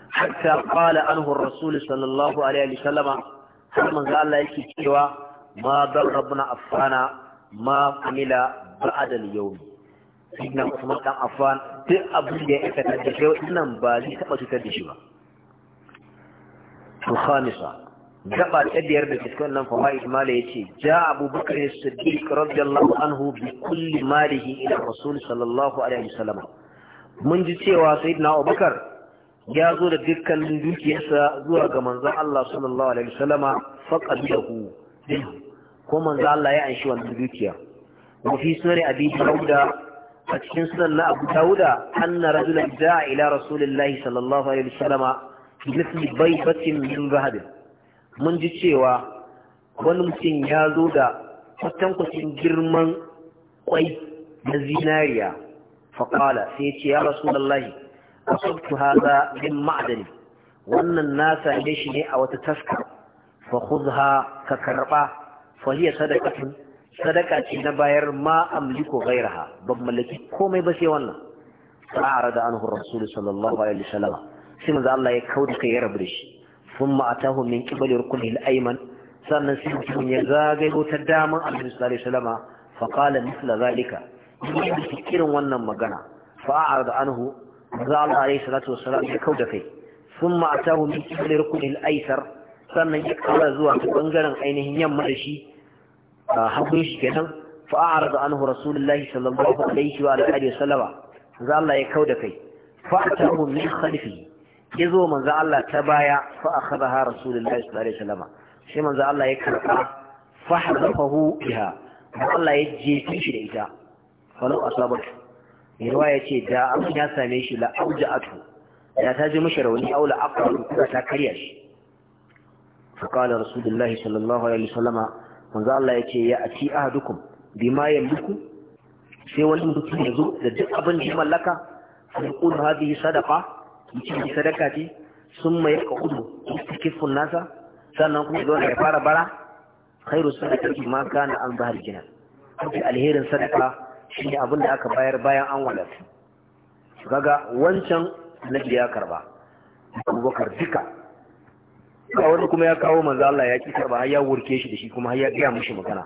hatta qala anhu ar-rasul sallallahu alaihi wa sallama har manzo Allah yake cewa ma darrabna afana ma amila ba'da al-yawm sayyidina Usman dan Affan duk abin da ya aikata da shi wannan ba zai taba cutar da shi ba al-khamisa gaba ta biyar da cikin nan fawaid mala yace ja Abu Bakr as-Siddiq radiyallahu anhu bi kulli malihi ila Rasul sallallahu alaihi wasallam mun ji cewa sayyidina Abu Bakar ya zo da dukkanin dukiyarsa zuwa ga manzon Allah sallallahu alaihi wasallama faqadahu ko manzon Allah ya anshi wannan dukiya wa fi sura abi dauda a cikin sunan na abu dauda na rajulan jaa ila rasulillahi sallallahu alaihi wasallama bi mithli baybatin min zahab mun ji cewa wani mutum ya zo da kwatankwacin girman kwai na zinariya faƙala sai ya ce ya rasulallahi asabtu hadha min ma'dani wannan na same shi ne a wata taska fa khudha ka karba fa hiya sadaqatun sadaka ce na bayar ma amliku ghairaha ban mallaki komai ba sai wannan fa'ara da anhu rasul sallallahu alaihi wasallam sai manzo Allah ya kauda kai ya rabu da shi thumma atahu min qibali ruknihi al-ayman sannan sai mutum ya zagayo ta daman annabi sallallahu alaihi wasallam fa qala mithla zalika irin wannan magana fa'ara da anhu za Allah alaihi salatu wassalam ya kauda kai sun ma'atahu min kibli rukunin aisar sannan ya kara zuwa ta bangaren ainihin yamma da shi hagun shi kenan fa'ar da anhu rasulullahi sallallahu alaihi wa alihi wasallama za Allah ya kauda kai fa'atahu min khalfi ya zo manzo Allah ta baya fa akhadaha rasulullahi sallallahu alaihi wasallama sai manzo Allah ya karba fa hadafahu biha Allah ya jefe shi da ita falau asabat mai ya ce da abin ya same shi la auja atu da ta ji mashi rauni aula afkaru kuma ta karya shi fa qala rasulullahi sallallahu alaihi wasallam manzo Allah ya ce ya ati ahadukum bima yamliku sai wani mutum ya zo da duk abin da ya mallaka fa yaqulu hadhihi sadaqa yace sadaka ce Sun summa yaqudu yastakifu nasa sannan kuma zo ya fara bara khairu sadaqati ma kana an zahar jinan alherin sadaka shi abin da aka bayar bayan an wadatu Gaga wancan na ya karba abubakar duka ga wani kuma ya kawo manzo Allah ya ki karba har ya wurke shi da shi kuma har ya gaya mushi magana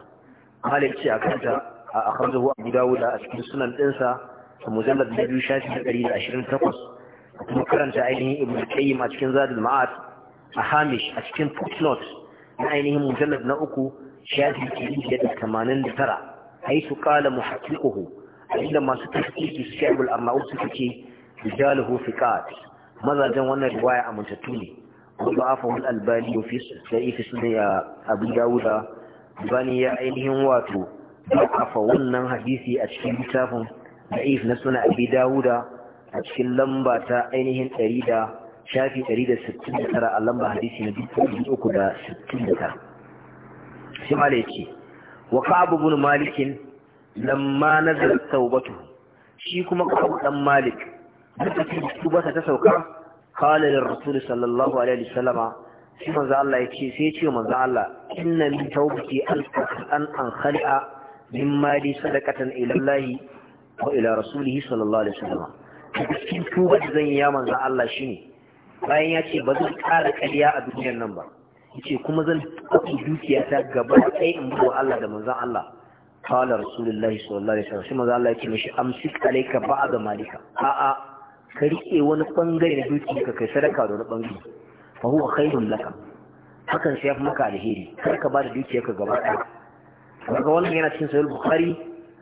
malik ce akan ta a akhrajahu abu dawud a cikin sunan dinsa a mujallad na biyu shafi na ɗari da ashirin takwas kuma karanta ainihin ibn qayyim a cikin zadul ma'ad a hamish a cikin footnote na ainihin mujallad na uku shafi ɗari da tamanin da tara haisu kala muhaqiquhu inda masu tafsiri shaybul amaus suka ce bijaluhu fiqat mazajin wannan riwaya amintattu ne kuma afa wal albani fi sahih sunan ya abu dawud bani ya ainihin wato afa wannan hadisi a cikin litafin da'if na sunan abi dawud a cikin lamba ta ainihin 100 shafi 169 a lamba hadisi na 369 shi ma da yake وكعب بن مالك لما نزلت توبته شي كما كعب بن مالك توبته تسوكا قال للرسول صلى الله عليه وسلم shi manzo Allah ya ce sai ce manzo Allah inna min tawbati an an khali'a min mali sadaqatan ila Allah wa ila rasulihi sallallahu alaihi wasallam cikin tuba da zan yi ya manzo Allah shine bayan ya ce ba zai ƙara ƙarya a duniyar nan ba yace kuma zan ɗauki dukiya ta gaba ɗaya in bawa Allah da manzon Allah qala rasulullahi sallallahu alaihi wasallam manzon Allah yake mishi amsik alayka ba'da malika a'a ka rike wani bangare na dukiyarka kai sadaka da wani bangare fa huwa khairun laka hakan sai ya fi maka alheri kar ka bada dukiyarka gaba ɗaya kaga wannan yana cikin sahih bukhari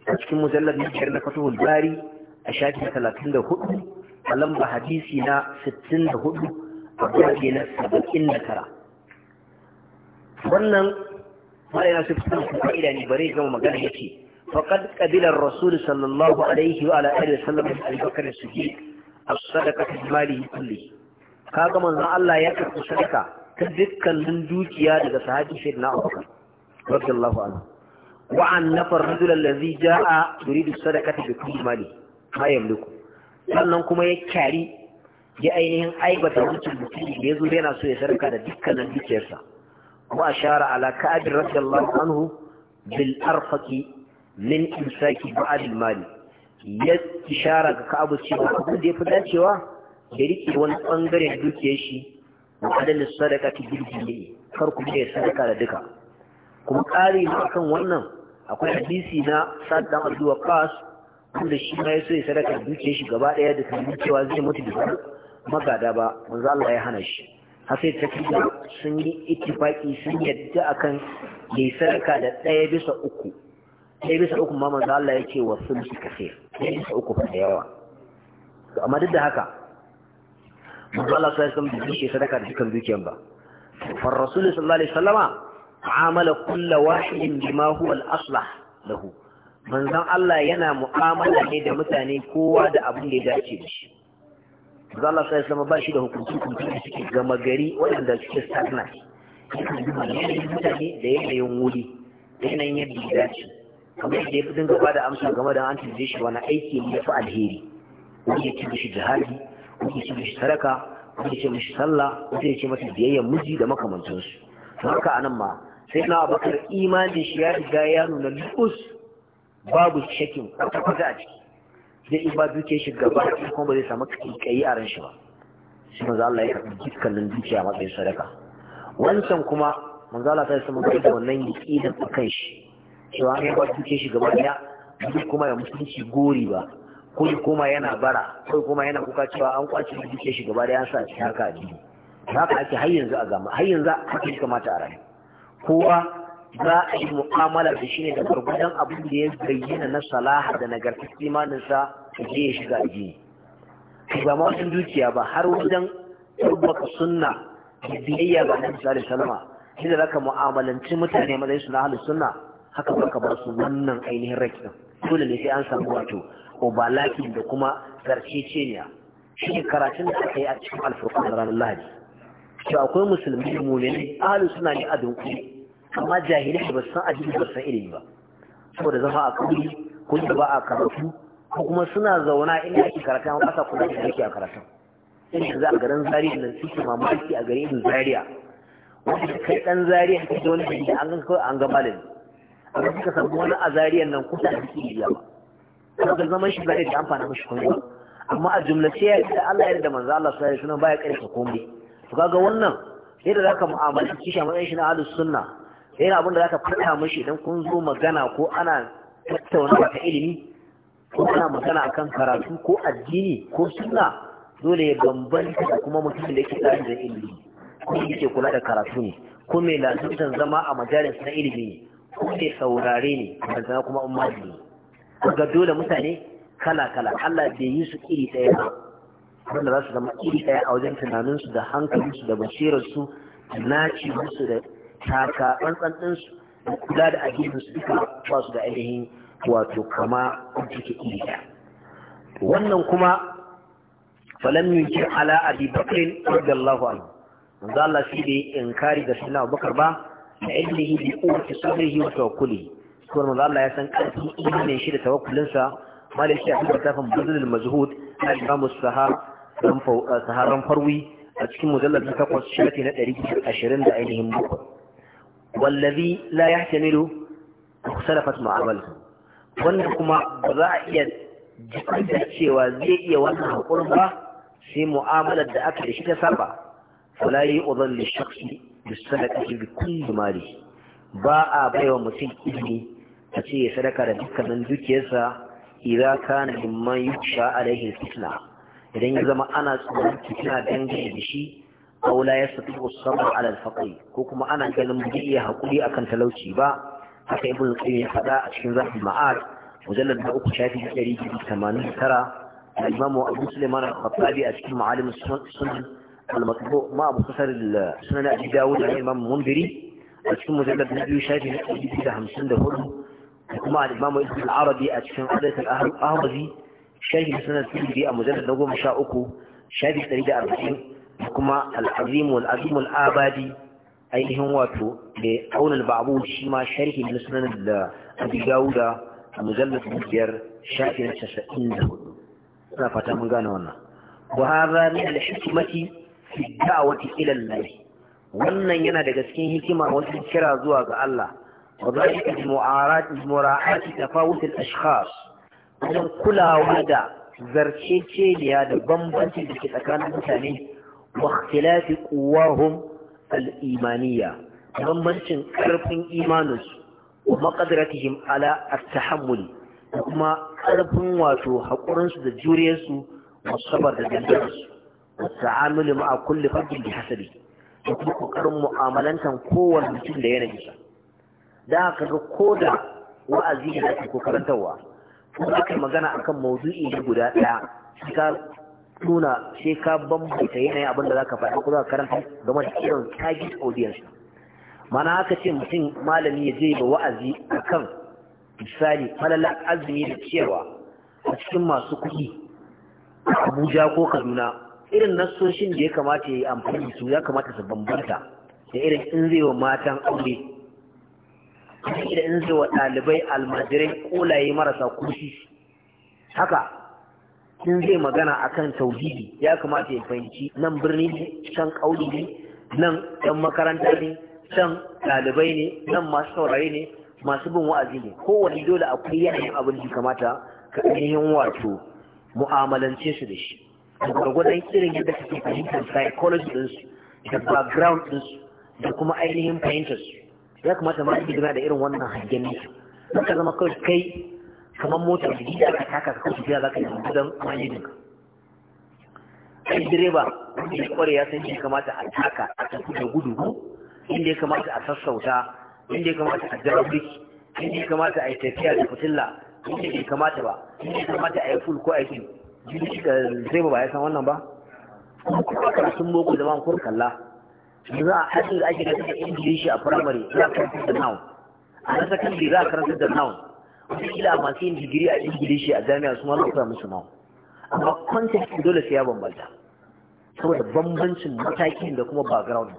a cikin mujallad na biyar na fatuhul bari a shafi talatin da hudu a lamba hadisi na sittin da hudu a gurbe na saba'in da tara wannan mara yana su fuskan fa'ida ne bari zama magana ya ce qabila ƙabilar rasul sallallahu alaihi wa sallallahu alaihi wa al-bakr a sadaka ta jimali ya kulle. Ka gama na Allah ya karɓi sadaka ta dukkanin dukiya daga sahabi Sayyidina Abu Bakar radiyallahu anhu wa an nafar rajul allazi jaa yuridu sadaqata bi kulli mali ma yamliku sannan kuma ya kyari ya ainihin aibata wancan mutum da ya zo yana so ya sadaka da dukkanin dukiyarsa Ku a shara alaƙa abin Rakel Rau, Bil arfaƙi, Min insaki Sarki, ma'adin Mali, ki shara ga abinci wanda ya fi dacewa da riƙe wani ɓangaren dukiyashi, mu haɗu ne su sadaka ta girki kar ku bi da sadaka da duka. Ku bi ƙari kan wannan? Akwai addisi na sada al'adu wa Fass? shi ma ya so ya yi sadakan dukkiyashi gaba ɗaya daga dukkanin dukkiyashu zai mutu da magada ba, ba Allah ya hana shi. hafi ta sun yi ittifaki sun yadda akan yayi sarka da ɗaya bisa uku ɗaya bisa uku ma manzo Allah ya ce wa sulhi kafir ɗaya bisa uku fa yawa to amma duk da haka manzo Allah sai sun bi sadaka da dukkan dukiyan ba fa rasul sallallahu alaihi wasallama amala kullu wahidin bima huwa al-aslah lahu manzo Allah yana mu'amala ne da mutane kowa da abin da ya dace da shi za Allah sai sama ba shi da hukunci hukunci da suke gama gari waɗanda suke sarna yanayin mutane da yanayin wuri da yanayin yadda ya dace kamar yadda ya fi dinga ba da amsa game da an zai shi wani aiki ne ya fi alheri wani ya ci mishi jihadi wani ya ci mishi saraka wani ya ci mishi sallah wani ya ci masa biyayyar miji da makamantansu haka anan ma sai na abakar imanin shi ya riga ya nuna lukus babu shakin kwata-kwata a ciki zai in ba duke shi gaba da kuma ba zai samu kaikayi a ranshi ba shi za Allah ya ka dukkanin dukiya matsayin sadaka wancan kuma manzo Allah ta yi samun da wannan yaqinin a kan shi cewa an ba duke shi gaba ya shi kuma ya mutunci gori ba ko kuma yana bara ko kuma yana kuka cewa an kwace duke shi gaba da ya sa shi haka a haka ake har yanzu a gama har yanzu haka ya kamata a rayu kowa za a yi mu'amala da shi ne da gwargwadon abin da ya bayyana na salaha da nagartar imaninsa da je ya shiga jini. ba ma dukiya ba har wajen tabbaka sunna da biyayya ga annabi sallallahu alaihi da inda zaka mu'amalanci mutane mazai su na hali sunna haka baka bar su wannan ainihin rakin dole ne sai an samu wato obalakin da kuma zarceceniya shi ne karatun da aka yi a cikin alfurkan ranar lahadi to akwai musulmi mu ne. ahalin suna ne a dunkule amma jahilai ba san addini ba san ilimi ba saboda zama a kauri ko da ba a karatu ko kuma suna zauna inda ake karatu amma ba sa kula da yake a karatu inda za a garin zariya nan suke mamaki a garin zariya wanda kai dan zariya kake da wani da an ga kawai an ga malin amma suka samu wani a zariyan nan kusa da suke biya ba Saboda zaman shi zariya da amfana mashi kuma ba amma a jumlace ya ce Allah ya da manzo Allah sai sunan wasallam baya karanta komai to kaga wannan yadda zaka mu'amalanci shi a matsayin shi na ahlus sunna yana abin da za ka fata mashi idan kun zo magana ko ana tattauna ta ilimi ko ana magana akan karatu ko addini ko suna dole ya bambanta da kuma mutum da yake tsari da ilimi ko yake kula da karatu ne ko mai lasutan zama a majalis na ilimi ne ko mai saurare ne da kuma ummadi ne ga dole mutane kala kala Allah bai yi su iri ɗaya ba wanda za su zama iri ɗaya a wajen tunaninsu da hankalinsu da basirarsu da ci musu da taka tsantsan ɗinsu da kula da addininsu duka ba su da ainihin wato kama kuke iri wannan kuma falam yunkir ala abi bakrin radiyallahu anhu manzo Allah shi da inkari da sunna Abubakar ba da ilmihi bi uwati sabrihi wa tawakkuli kuma manzo Allah ya san karfin imanin shi da tawakkulin sa malai shi a littafin Mazhud Saharan Farwi a cikin mujallad na 8 na 120 da ainihin bakwai wallazi la yahtamilu mukhtalafat mu'amalahu wannan kuma ba za a iya jikunta cewa zai iya wannan hakurin ba sai mu'amalar da aka da shi ta saba fala yu'dhan li shakhsi bi sadaqati bi kulli mali ba a baiwa mutum izini a ce ya sadaka da dukkanin dukiyarsa idza kana mimman yukhsha alaihi fitna idan ya zama ana tsoron fitina dangane da shi aw ya yastati'u wasu sabr 'ala ko kuma ana ganin bai iya hakuri akan talauci ba haka ibn al-qayyim ya faɗa a cikin rahmul ma'ad mujallad na uku shafi 189 al-imam abu sulaiman al-khattabi a cikin ma'alim sunan al-matbu ma abu kasar sunan abi dawud da imam munziri a cikin mujallad na biyu shafi 154 kuma al-imam ibn al-arabi a cikin adat al-ahwazi shafi kuma al'azimu al'azimu Al-Abadi ainihin wato da aunin ba'abu shi ma sharhi na da abu dawuda a mujallar dubiyar shafi na casa'in da hudu ina fata mun gane wannan wa hadha min al-hikmati fi da'wati ila Allah wannan yana daga cikin hikima wani kira zuwa ga Allah wa zalika mu'arat mura'ati tafawut al Wajen kulawa da zarceceniya da bambancin da ke tsakanin mutane واختلاف قواهم الإيمانية bambancin ƙarfin imaninsu wa maƙadiratihim ala at da kuma ƙarfin wato haƙurinsu da juriyarsu wa sabar da dandarsu wa ta'amuli ma'a kulli fardin bi hasabi da kuma ƙoƙarin mu'amalantan kowane mutum da yanayinsa da haka ga ko da wa'azi da ake ko karantarwa ko aka magana akan maudu'i guda ɗaya ka nuna sai ka bambanta yanayin abin da ka faɗi kuma zaka karanta game da irin target audience mana haka ce mutum malami ya je ba wa'azi a kan misali falala azumi da cewa a cikin masu kuɗi Abuja ko Kaduna irin nasoshin da ya kamata ya yi amfani su ya kamata su bambanta da irin in zai wa matan aure da in zai wa ɗalibai almajirai kolaye marasa kursi haka in zai magana akan tauhidi ya kamata ya fahimci nan birni ne can ƙauli ne nan ɗan makaranta ne can ɗalibai ne nan masu saurare ne masu bin wa'azi ne kowane dole akwai yanayin abin da kamata ka ainihin wato mu'amalance su da shi gwargwadon irin yadda kake fahimtar psychology su da background ɗinsu da kuma ainihin fahimtar su ya kamata ma su da irin wannan hangen nesa ka zama kai kamar motar da gida aka taka ka tafiya za ka yi gudan mayyidin ai direba wanda ya kware ya san shi kamata a taka a tafi da gudu inda ya kamata a sassauta inda ya kamata a jira biki inda ya kamata a yi tafiya da fitilla inda ya kamata ba inda ya kamata a yi ful ko a yi jirgi da direba ba ya san wannan ba kuma karatun boko da ban kun kalla yanzu a hajji da ake da ingilishi a firamare za a karanta da noun a na sakandare za a karanta da noun kila masu yin digiri a ingilishi a jami'a su ma za musu nawa amma context dole sai ya bambanta saboda bambancin matakin da kuma background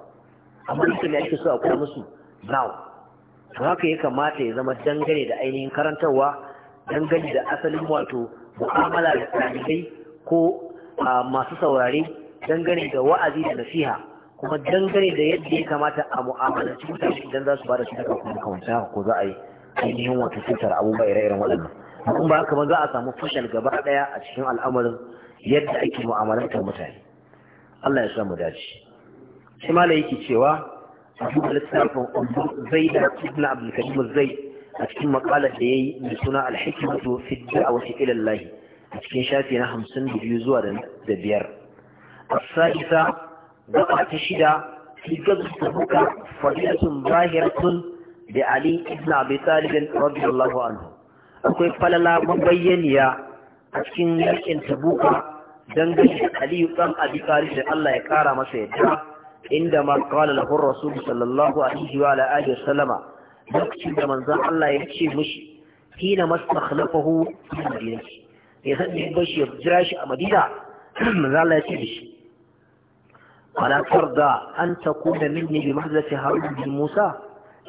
amma duka ne ake so a kula musu now to haka ya kamata ya zama dangane da ainihin karantarwa dangane da asalin wato mu'amala da ɗalibai ko masu saurare dangane da wa'azi da nasiha kuma dangane da yadda ya kamata a mu'amalanci mutane idan za su ba da shi daga kuma kawanta ko za a yi ainihin wata cutar abubuwa ire-iren waɗannan in ba haka ba za a samu fashal gaba ɗaya a cikin al'amarin yadda ake mu'amalantar mutane Allah ya sa mu dace shi ma yake cewa a duba littafin zai da ibn abdul karim zai a cikin makalar da yayi mai suna al-hikmatu fi da'wati ila Allah a cikin shafi na 52 zuwa da biyar as-sa'isa gaba ta shida fi gazzuka fadilatun zahiratun da Ali ibn Abi Talib radiyallahu anhu akwai falala mabayyaniya a cikin yakin Tabuka dangane da Ali ibn Abi Talib da Allah ya kara masa yadda inda ma qala lahu rasul sallallahu alaihi wa ala alihi wasallama lokacin da manzon Allah ya ce mishi hina mastakhlafahu fi madinati ya san da bashi ya jira shi a Madina manzon Allah ya ce mishi ولا ترضى أن تكون مني بمهزة هارون بن موسى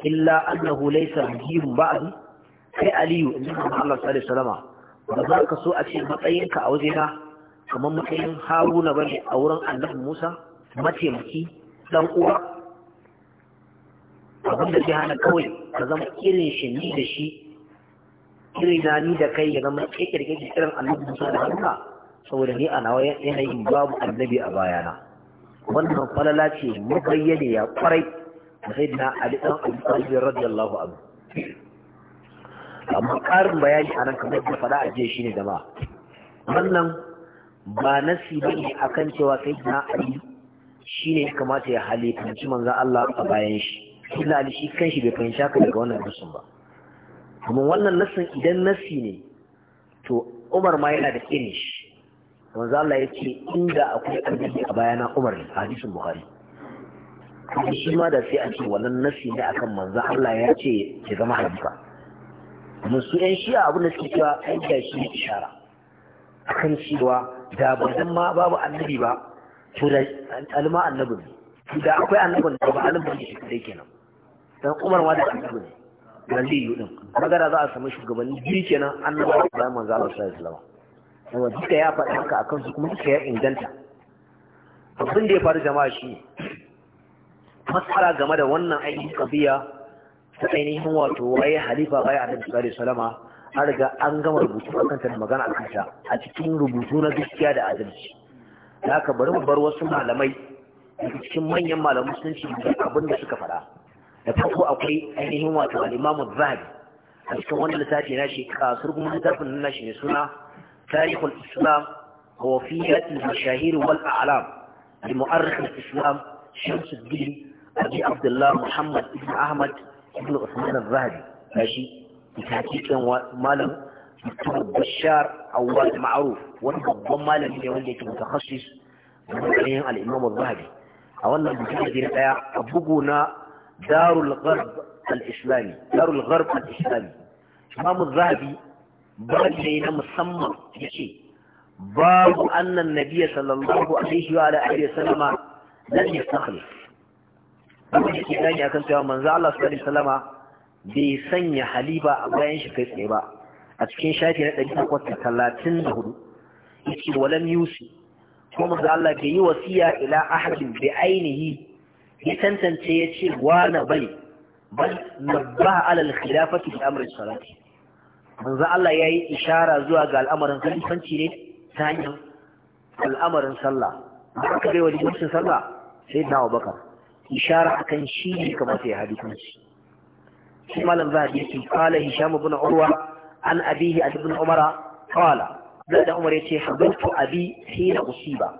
illa annahu laysa bihim ba'di kai aliyu inna Allah sallallahu alaihi wasallam ba ka so a ce matsayinka a waje na? kamar matsayin haruna bane a wurin annabi musa mataimaki dan uwa abin da zai hana kawai ka zama irin shi ni da shi irin ni da kai ya zama kirkirkirki irin annabi musa da hanka saboda ni a nawa yanayin babu annabi a bayana wannan falala ce mabayyane ya kwarai sayyidina ali dan abu talib radiyallahu anhu amma karin bayani anan kamar da fada a jiya shine jama'a wannan ba nasi a kan cewa sayyidina ali shi ya kamata ya halifanci manza Allah a bayan shi sayyidina ali shi kanshi bai fahimci haka daga wannan nasin ba kuma wannan nasin idan nasi ne to Umar ma yana da kirin shi manza Allah ya ce inda akwai annabi a bayana Umar ne hadisin buhari shi ma da sai a ce wannan nasi ne akan manzo Allah ya ce ki zama halifa musu yan shi abu da suke cewa ai da shi ishara akan cewa da ba dan ma babu annabi ba to da alma annabi ne da akwai annabi da ba ne shi kadai kenan dan Umar ma da annabi ne dan liyu din magana za a samu shugabanni biyu kenan annabi da manzo Allah sallallahu alaihi wasallam saboda duka ya faɗa haka akan su kuma duka ya inganta abin da ya faru jama'a shi ne matsala game da wannan ainihin kabiya ta ainihin wato waye halifa baya a nabi sallallahu salama an riga an gama rubutu a kanta da magana a kanta a cikin rubutu na gaskiya da adalci da aka bari mu bar wasu malamai daga cikin manyan malaman musulunci da abin da suka faɗa da farko akwai ainihin wato al-imamu zahab a cikin wannan littafi na shi kasur kuma littafin na shi ne suna tarihul islam wa fiyatul mashahir wal a'lam al-mu'arrikh al-islam shamsuddin abi abdullah muhammad ibn ahmad ibn usman az-zahabi kashi takikin malam bashar awwal ma'ruf wani babban malami ne wanda yake mutakhassis da matsayin al-imam az-zahabi a wannan bincike ne daya a bugu na darul gharb al-islami darul al-islami imam az-zahabi babu ne na musamman yace babu annan nabiyyi sallallahu alaihi abin da ke gani akan cewa manzo Allah sallallahu alaihi wasallama bai sanya haliba a bayan shi kai tsaye ba a cikin shafi na ɗari takwas da talatin da hudu yake walam yusi kuma manzo Allah bai yi wasiya ila ahadin bi ainihi ya tantance ya ce wana bai bal nabba ala al-khilafati bi amri salati manzo Allah yayi ishara zuwa ga al'amarin khalifanci ne ta hanyar al'amarin sallah haka bai wajibin sallah sai na Abubakar ishara akan shi ne kamata ya hadu kanshi shi malam zahabi yake qala hisham ibn urwa an abihi an ibn umar qala da umar yace habbtu abi hina usiba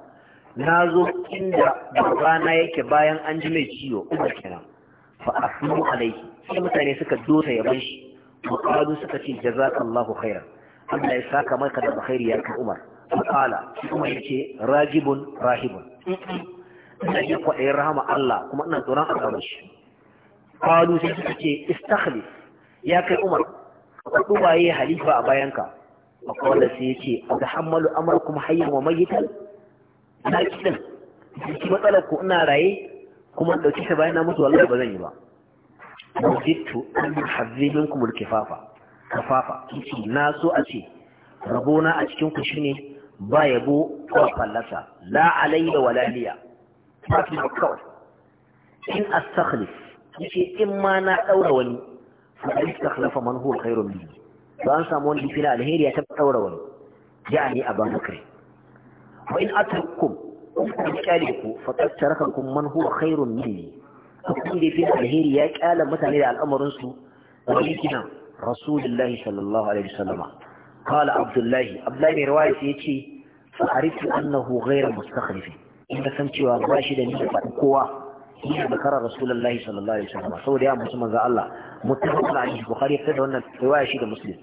na zo inda babana yake bayan an ji mai ciwo ina kenan fa asmu sai mutane suka ya yaban shi وقالوا سكتي جزاك الله خيرا أما ya ما كان بخير يا أمر فقال أمر يتي راجب راهب ina iya kwaɗayin rahama Allah kuma ina tsoron azabar shi qalu sai suka ce istakhlif ya kai Umar ka dubaye halifa a bayanka akwai sai yace atahammalu kuma hayyan wa mayyitan na kidan ki matsalar ku ina raye kuma dauki ta bayana musu wallahi ba zan yi ba wajidtu an yuhazzi minkum al-kifafa kafafa kici na so a ce rabona a cikin ku shine ba yabo ko fallasa la alayya wala tafi ba kawai in astakhlif yace in ma na daura wani fa istakhlafa man huwa khairun minni Ba an samu wani fila alheri ya taɓa daura wani ja'ani aban bakri wa in atrukum in kyale ku fa qad tarakakum man huwa khairun minni akwai da fila alheri ya kyala mutane da al'amarin su wa yakina rasulullahi sallallahu alaihi wasallam قال عبد الله عبد الله روايه يجي فعرفت انه غير مستخلف in ka san cewa ba shi da niyyar faɗi kowa yana da karar rasulullahi sallallahu alaihi wasallam saboda ya musu manzo Allah muttafaqun alaihi bukhari ya da wannan riwaya shi da muslim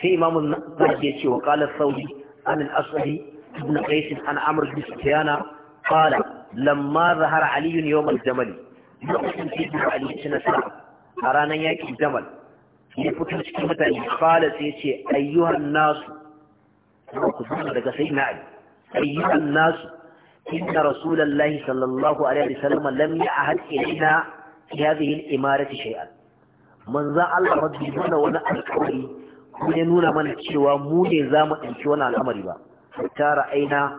sai imamu nawawi ya ce wa qala saudi an al-asadi ibn qais an amr bin sufyan qala lamma zahara ali yawm al-jamal lokacin da ali suna sa a ranar yakin jamal ya fito cikin mutane qala sai ya ce ayyuhan nasu ku zama daga sayyidina ali ayyuhan nasu إن رسول الله صلى الله عليه وسلم لم يعهد إلينا في هذه الإمارة شيئا من ذا الله ربي من وانا أذكري كون ينونا من تشوى موني زام انشوانا الأمر با حتى رأينا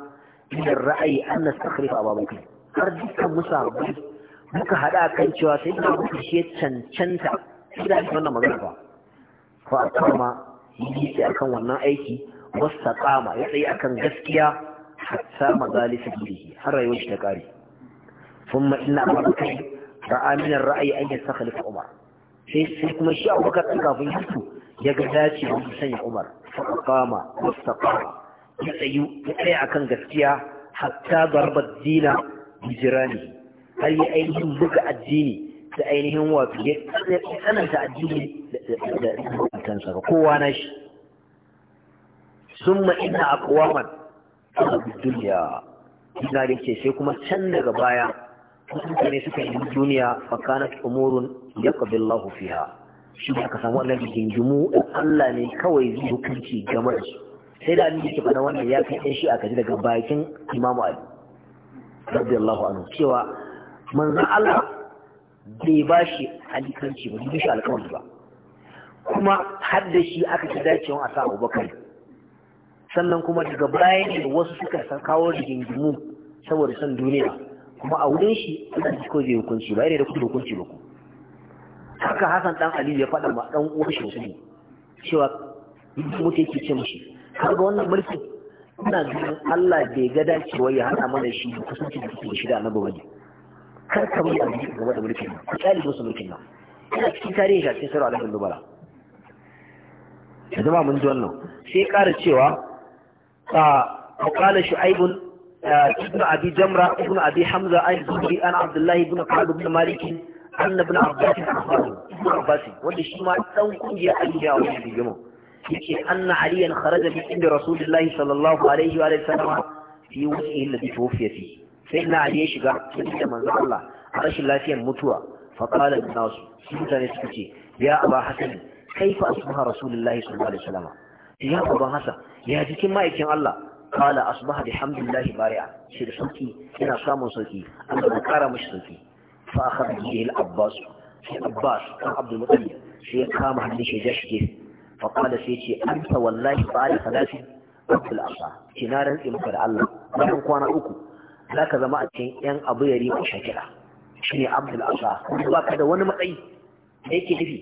من الرأي أن نستخلف أبا بكر أرجوك مصابي muka haɗa kan cewa sai ina muku shi cancanta shi da ake wannan magana ba fa a kama yi akan wannan aiki wasu ya tsaye akan gaskiya hatta mazalisa bihi har rayuwar shi ta kare thumma inna abubakar ra'a min ar-ra'yi an yastakhlifa umar sai sai kuma shi abubakar din kafin mutu ya ga dace da sanya umar fa qama wastaqama ya tsayu ya tsaya akan gaskiya hatta darbat dina bijirani har ya ainihin buga addini da ainihin wato ya tsananta addini da a ga kowa na shi summa inna aqwaman duniya ina da ke sai kuma can daga baya ne suka yi duniya fakanat umurun yaqbillahu fiha shi ne aka samu wannan Allah ne kawai zai hukunci game da su sai da annabi ke faɗa wannan ya kai shi aka ji daga bakin Imam Ali radiyallahu anhu cewa manzon Allah bai bashi shi alikanci ba bai shi alƙawari ba kuma har da shi aka ci dacewa a sa Abubakar sannan kuma daga baya ne wasu suka san kawo rigingimu saboda son duniya kuma a wurin shi ina ji ko zai hukunci ba da kuma hukunci ba ku haka Hassan dan Ali ya faɗa ma dan uwan shi ne cewa mutum yake ce mishi ga wannan mulki ina ganin Allah bai ga dacewa ya hana mana shi da kusanci da kuke shi da annabi bane kar ka mai abin game da mulkin nan ku tsali musu mulkin nan ina cikin tarihi shi cikin sura al-dubara da zama mun ji wannan sai ƙara cewa وقال شعيب ابن أبي جمرة ابن أبي حمزة عن الزهري أنا عبد الله بن كعب بن مالك أن ابن عباس أخبره ابن عباس وده شيء ما تنقل يا أيها أولي الجمع يكي أن عليا خرج من عند رسول الله صلى الله عليه وآله وسلم في وجهه الذي توفي فيه سيدنا علي شجع سيدنا من الله عرش الله فيه متوى فقال الناس سيدنا نسكتي يا أبا حسن كيف أصبح رسول الله صلى الله عليه وسلم يا أبا حسن ya jikin ma'aikin Allah kala asbaha bihamdillahi bari'a shi da sauki yana samun sauki Allah ya kara mashi sauki fa akhadha bihi al-abbas sai abbas dan abdul muttalib sai ya kama hannun shi ya shige fa qala sai ce anta wallahi ba'ala salati abdul asa kina rantsi maka da Allah bayan kwana uku zaka zama a cikin yan abu yari ko shakira shine abdul asa ba ka da wani matsayi da yake nufi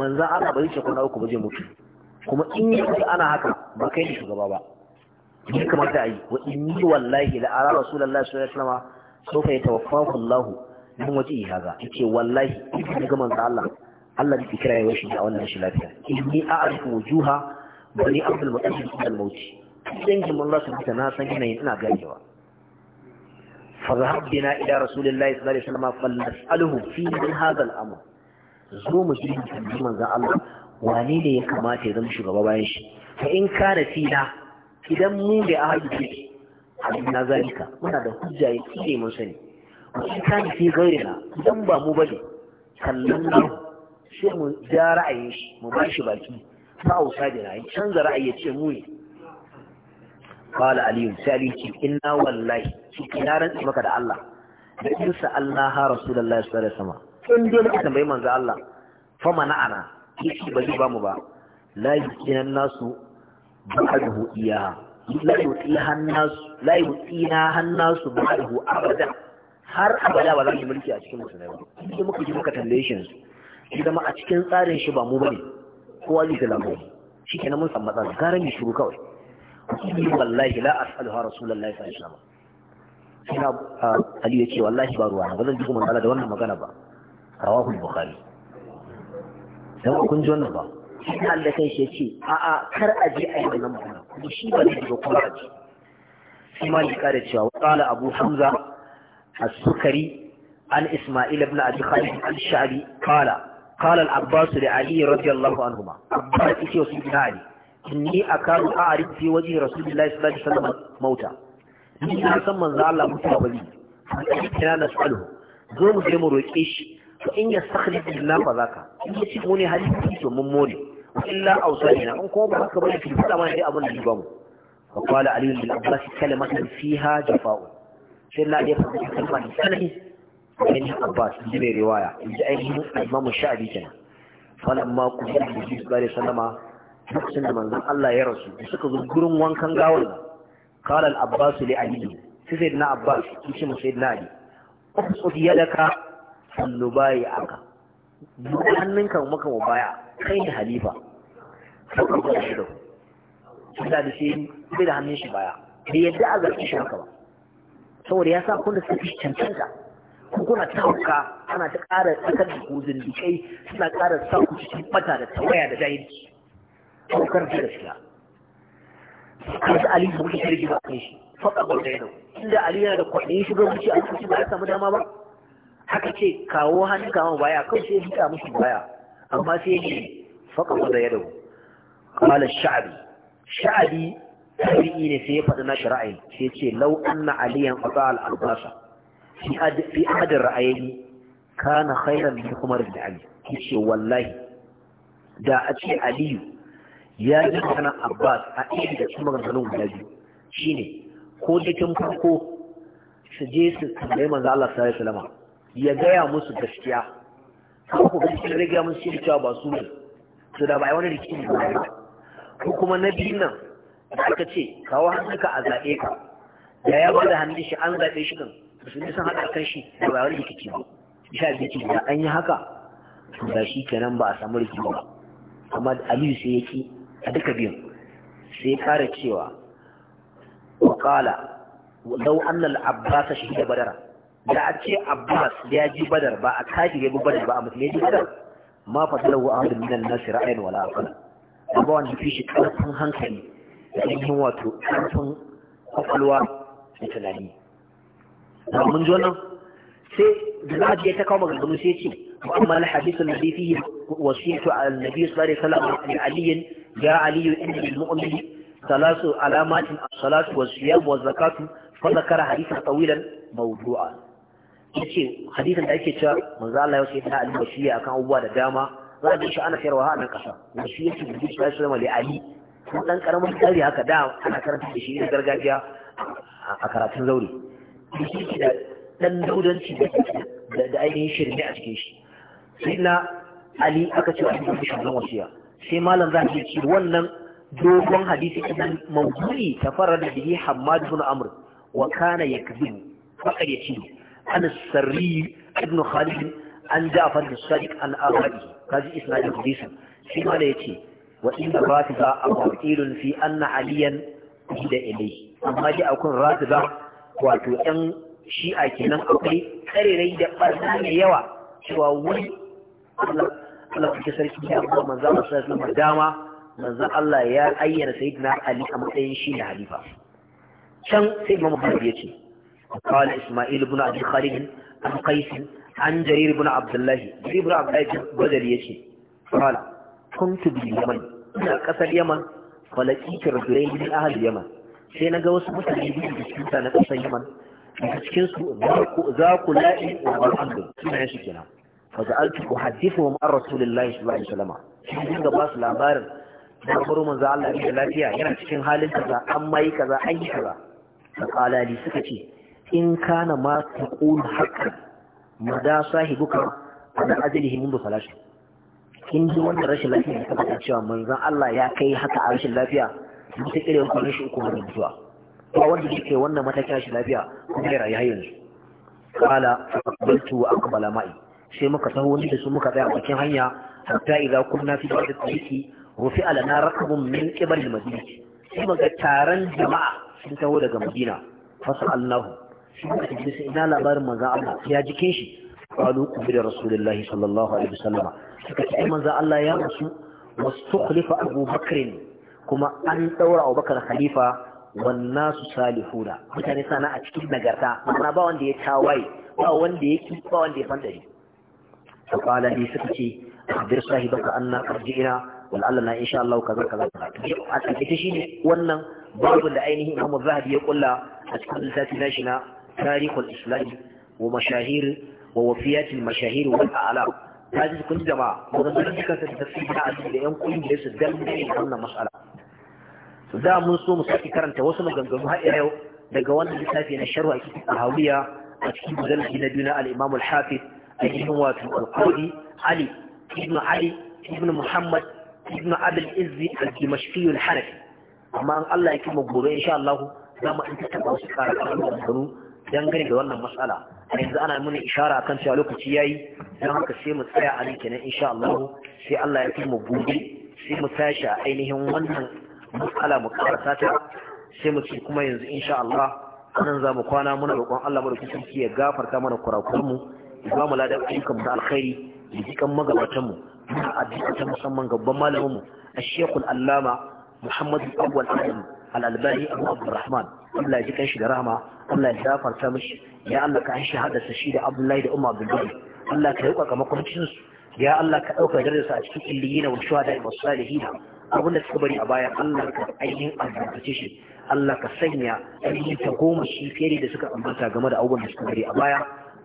manzan Allah ba zai ce kwana uku ba zai mutu kuma in yi ana haka ba kai ne shugaba ba ya kamata a yi wa yi wallahi la ara rasulullahi sallallahu alaihi wasallam sofa yatawaffahu Allah waje waji haza yace wallahi in ga manzo Allah Allah zai kira yayin shi a wannan shi lafiya inni a'rifu wujuha bani abdul mutalib ibn al-mawt dan kin Allah subhanahu na san ina ina ganewa فذهب بنا إلى رسول الله صلى الله عليه وسلم فلنسأله فيه من هذا الأمر زوم جديد من ذا wane ne ya kamata ya zama shugaba bayan shi Ka in kana fina idan mu da ahadu ke abin na zalika muna da hujja ya kire mun sani wa in kana fi gairina idan ba mu bane kallon mu sai mu ja ra'ayin shi mu ba shi baki fa ausa da ra'ayi canza ra'ayi ya ce mu ne qala aliyu sai aliyu ce inna wallahi shi kina maka da Allah da insa Allah rasulullahi sallallahu alaihi wasallam in dole ka tambayi manzo Allah fa mana'ana yake ba zai bamu ba la yuqina nasu ba a ba'dahu iya la yuqina nasu la ba a ba'dahu abada har abada ba za mu mulki a cikin musulmai ba sai muka ji muka tambaye su. shi zama a cikin tsarin shi ba mu bane kowa zai ga labari na mun san matsala gara mu shiru kawai wallahi la as'aluha rasulullahi sallallahu alaihi wasallam sai na ali ya ce wallahi ba ruwa ba zan ji kuma da wannan magana ba rawahu bukhari dan kun ji wannan ba shi Allah kai shi ce a a kar a je a yi wannan magana kuma shi ba zai zo kuma a ji shi ma ya kare cewa qala abu hamza as-sukari an isma'il ibn abi khalid al-sha'bi qala قال العباس لعلي رضي الله عنهما عباس يشي وسيدنا علي إني أكاد أعرف في وجه رسول الله صلى الله عليه وسلم موتا من أسمى الله موتا ولي فأنا نسأله mu roƙe shi. to in ya sakhlif billah fa zaka in ya ci mune hadisi to mun mone illa awsalina in ko ba haka bane ki fada mana dai abin da ba mu fa qala ali bin abbas kalimatan fiha jafa'u sai na dai fada kalma da sanani ibn abbas ji mai riwaya in ji ainihin imam sha'abi kenan falamma ku da bisu bare sallama lokacin da manzon Allah ya rasu suka zo gurin wankan gawar qala al abbas li ali sai na abbas shi mu sayyidina ali أبسط يدك sallu bayi aka duk hannunka maka wa baya kai ne halifa sai ka shi da shi da shi bai da hannun shi baya bai yadda a zargi shi haka ba saboda ya sa kun da suke cancanta ku kuna ta hauka ana ta ƙara tsakar da kuzin dukai suna ƙara sa ku cikin bata da tawaya da jahilci saukar da gaskiya kansa Ali da muke shirgi ba kai shi faɗa gwamnati inda Ali yana da kwaɗayin shugabanci a cikin ba ya samu dama ba haka ce kawo hannun kawo baya kawai sai hika musu baya amma sai ne faka da yadda dawo kala sha'abi sha'abi tabi'i ne sai ya faɗi na ra'ayi sai ce lau anna aliyan fata al-albasa fi adin ra'ayi kana khairan da kuma bin ali ce wallahi da a ce aliyu ya yi kana abbas a iri da kuma maganganun guda biyu shine ko da farko su je su tambayi manzo Allah sallallahu alaihi wasallam ya gaya musu gaskiya ko ku gaskiya zai gaya musu shi cewa ba su ne to da ba a wani rikici ba ko kuma na biyun nan aka ce kawo hannuka a zaɓe ka da ya bada da hannun shi an zaɓe shi kan ne san haɗa kan shi da ba wani rikici ba sha biyu ce da an yi haka to da shi kenan ba a samu rikici ba amma aliyu sai ya ki a duka biyun sai ya cewa wa qala lau annal al shi shahida badara da a ce abbas ya ji badar ba a kaji ya bi badar ba a mutum ya ji badar ma fadalahu ahadu minan nasi ra'ayin wala aqala da ba wanda fi shi karfin hankali da ainihin wato karfin kwakwalwa da tunani da mun ji wannan sai da za ya ta kawo maganganu sai ce mu'ammal hadisun da zai fiye wasiyatu annabi sallallahu alaihi wasallam da aliyin ya aliyu inda lil mu'mini ثلاث علامات الصلاة والصيام والزكاة فذكر حديثا طويلا موضوعا yace hadisin da ake cewa manzo Allah ya ce ta Ali wasiya akan abubuwa da dama za a shi ana sayarwa a nan kasa wasiya ce da shi ya sallama da Ali kuma dan karamin tsari haka da ana karanta da shi na gargajiya a karatun zauri shi da dan daudanci da ainihin shirme a cikin shi sai na Ali aka ce a cikin shugaban wasiya sai malam za ya ci wannan dogon hadisi idan mawdu'i tafarrada bihi Hammad ibn Amr wa kana yakzib fakar ya ci عن السري ابن خالد عن جعفر الصادق عن آبائه هذا إسناد حديثا فيما لا يتي وإن الرافضة قائل في أن عليا أهدى إليه أما جاء أكون رافضة wato ‘yan shi'a kenan akwai tsarirai da ɓarna mai yawa cewa wani Allah kuke sarki ya ba manzo Allah dama manzo Allah ya ayyana sayyidina Ali a matsayin shi ne halifa can sai Imam قال إسماعيل بن أبي خالد عن قيس عن جرير بن عبد الله جرير بن عبد الله بدر يشي قال كنت باليمن إلى قصر اليمن فلقيت رجلين من أهل اليمن sai na ga wasu mutane biyu da cuta na ƙasar yaman daga cikinsu za ku la'i wa al'amdu suna shi kenan fa ja'altu ku hadithu wa ma'ar rasulillahi sallallahu alaihi wasallam shi din ga basu labarin na baro manzo Allah ya lafiya yana cikin halin kaza an mai kaza an yi kaza fa qala suka ce in kana ma ta ƙun haka ma da ajalihi himin da falashi in ji wanda rashin lafiya ya kafa cewa manzan Allah ya kai haka a rashin lafiya ta kire kwanan rashin uku da zuwa ba wanda yake wannan matakin rashin lafiya kuma ya rayu har yanzu qala faqbaltu wa aqbala ma'i sai muka taho ni da su muka tsaya a bakin hanya hatta idza kunna fi ba'd al rufe rufi'a lana rakabun min qibal al-madina sai muka taron jama'a sun taho daga Madina fasalnahu shi ka ji sai ina labarin manzon Allah ya jikin shi qalu da rasulullahi sallallahu alaihi wasallam suka ce manzon Allah ya musu wastukhlifa Abu Bakr kuma an daura Abu Bakr khalifa wannan su salihuna mutane sana a cikin nagarta ma'ana ba wanda ya tawaye ba wanda ya ki ba wanda ya fandare to qala ni suka ce abir sahibaka anna arji'ina wal allana insha Allah kaza kaza a cikin ne wannan babu da ainihin Imam Zahabi ya kulla a cikin lissafi nashi na تاريخ الإسلام ومشاهير ووفيات المشاهير والأعلام هذه كنت جماعة وذلك كانت التفسير بتاع الأيام كل جيس الدم عن مسألة da mun so mu saki karanta wasu maganganu har yau daga wannan littafi na sharh al-hawiya a cikin mujalladi na biyu na al-imam al-hafiz ainihin wato ali ibn ali ibn muhammad ibn abul izzi al-dimashqi al-hanafi amma in Allah ya kima gobe insha za mu ta taba su kara karatu dangane da wannan matsala yanzu ana muna ishara akan cewa lokaci yayi Dan haka sai mu tsaya a nan kenan insha Allah sai Allah ya mu gobe sai mu tashi a ainihin wannan matsala mu karasa ta sai mu ci kuma yanzu insha Allah nan za mu kwana muna roƙon Allah mu sarki ya gafarta mana kurakuran mu ya ba mu ladan ayyukan mu da alkhairi da jikan magabatan mu muna addu'a ta musamman gaban malamin mu الشيخ العلامة abu الأول allah ya ji kan shi da rahama. Allah ya gafarta mishi ya Allah ka shi hadasa shi da Abdullahi da Umar bin Bakr Allah ka yauka makwancin su ya Allah ka dauka darajarsa a cikin illiyina wa shuhada wa salihin abin da suka bari a baya Allah ka ainihin albarkace shi Allah ka sanya ainihin ta goma shi fiye da suka ambata game da abubuwan da suka bari a baya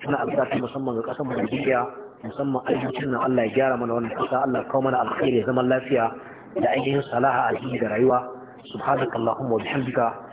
suna abuwa musamman ga kasar mu Najeriya musamman ayyukan nan Allah ya gyara mana wannan kasa Allah kawo mana alkhairi zaman lafiya da ainihin salaha a da rayuwa subhanakallahumma wa bihamdika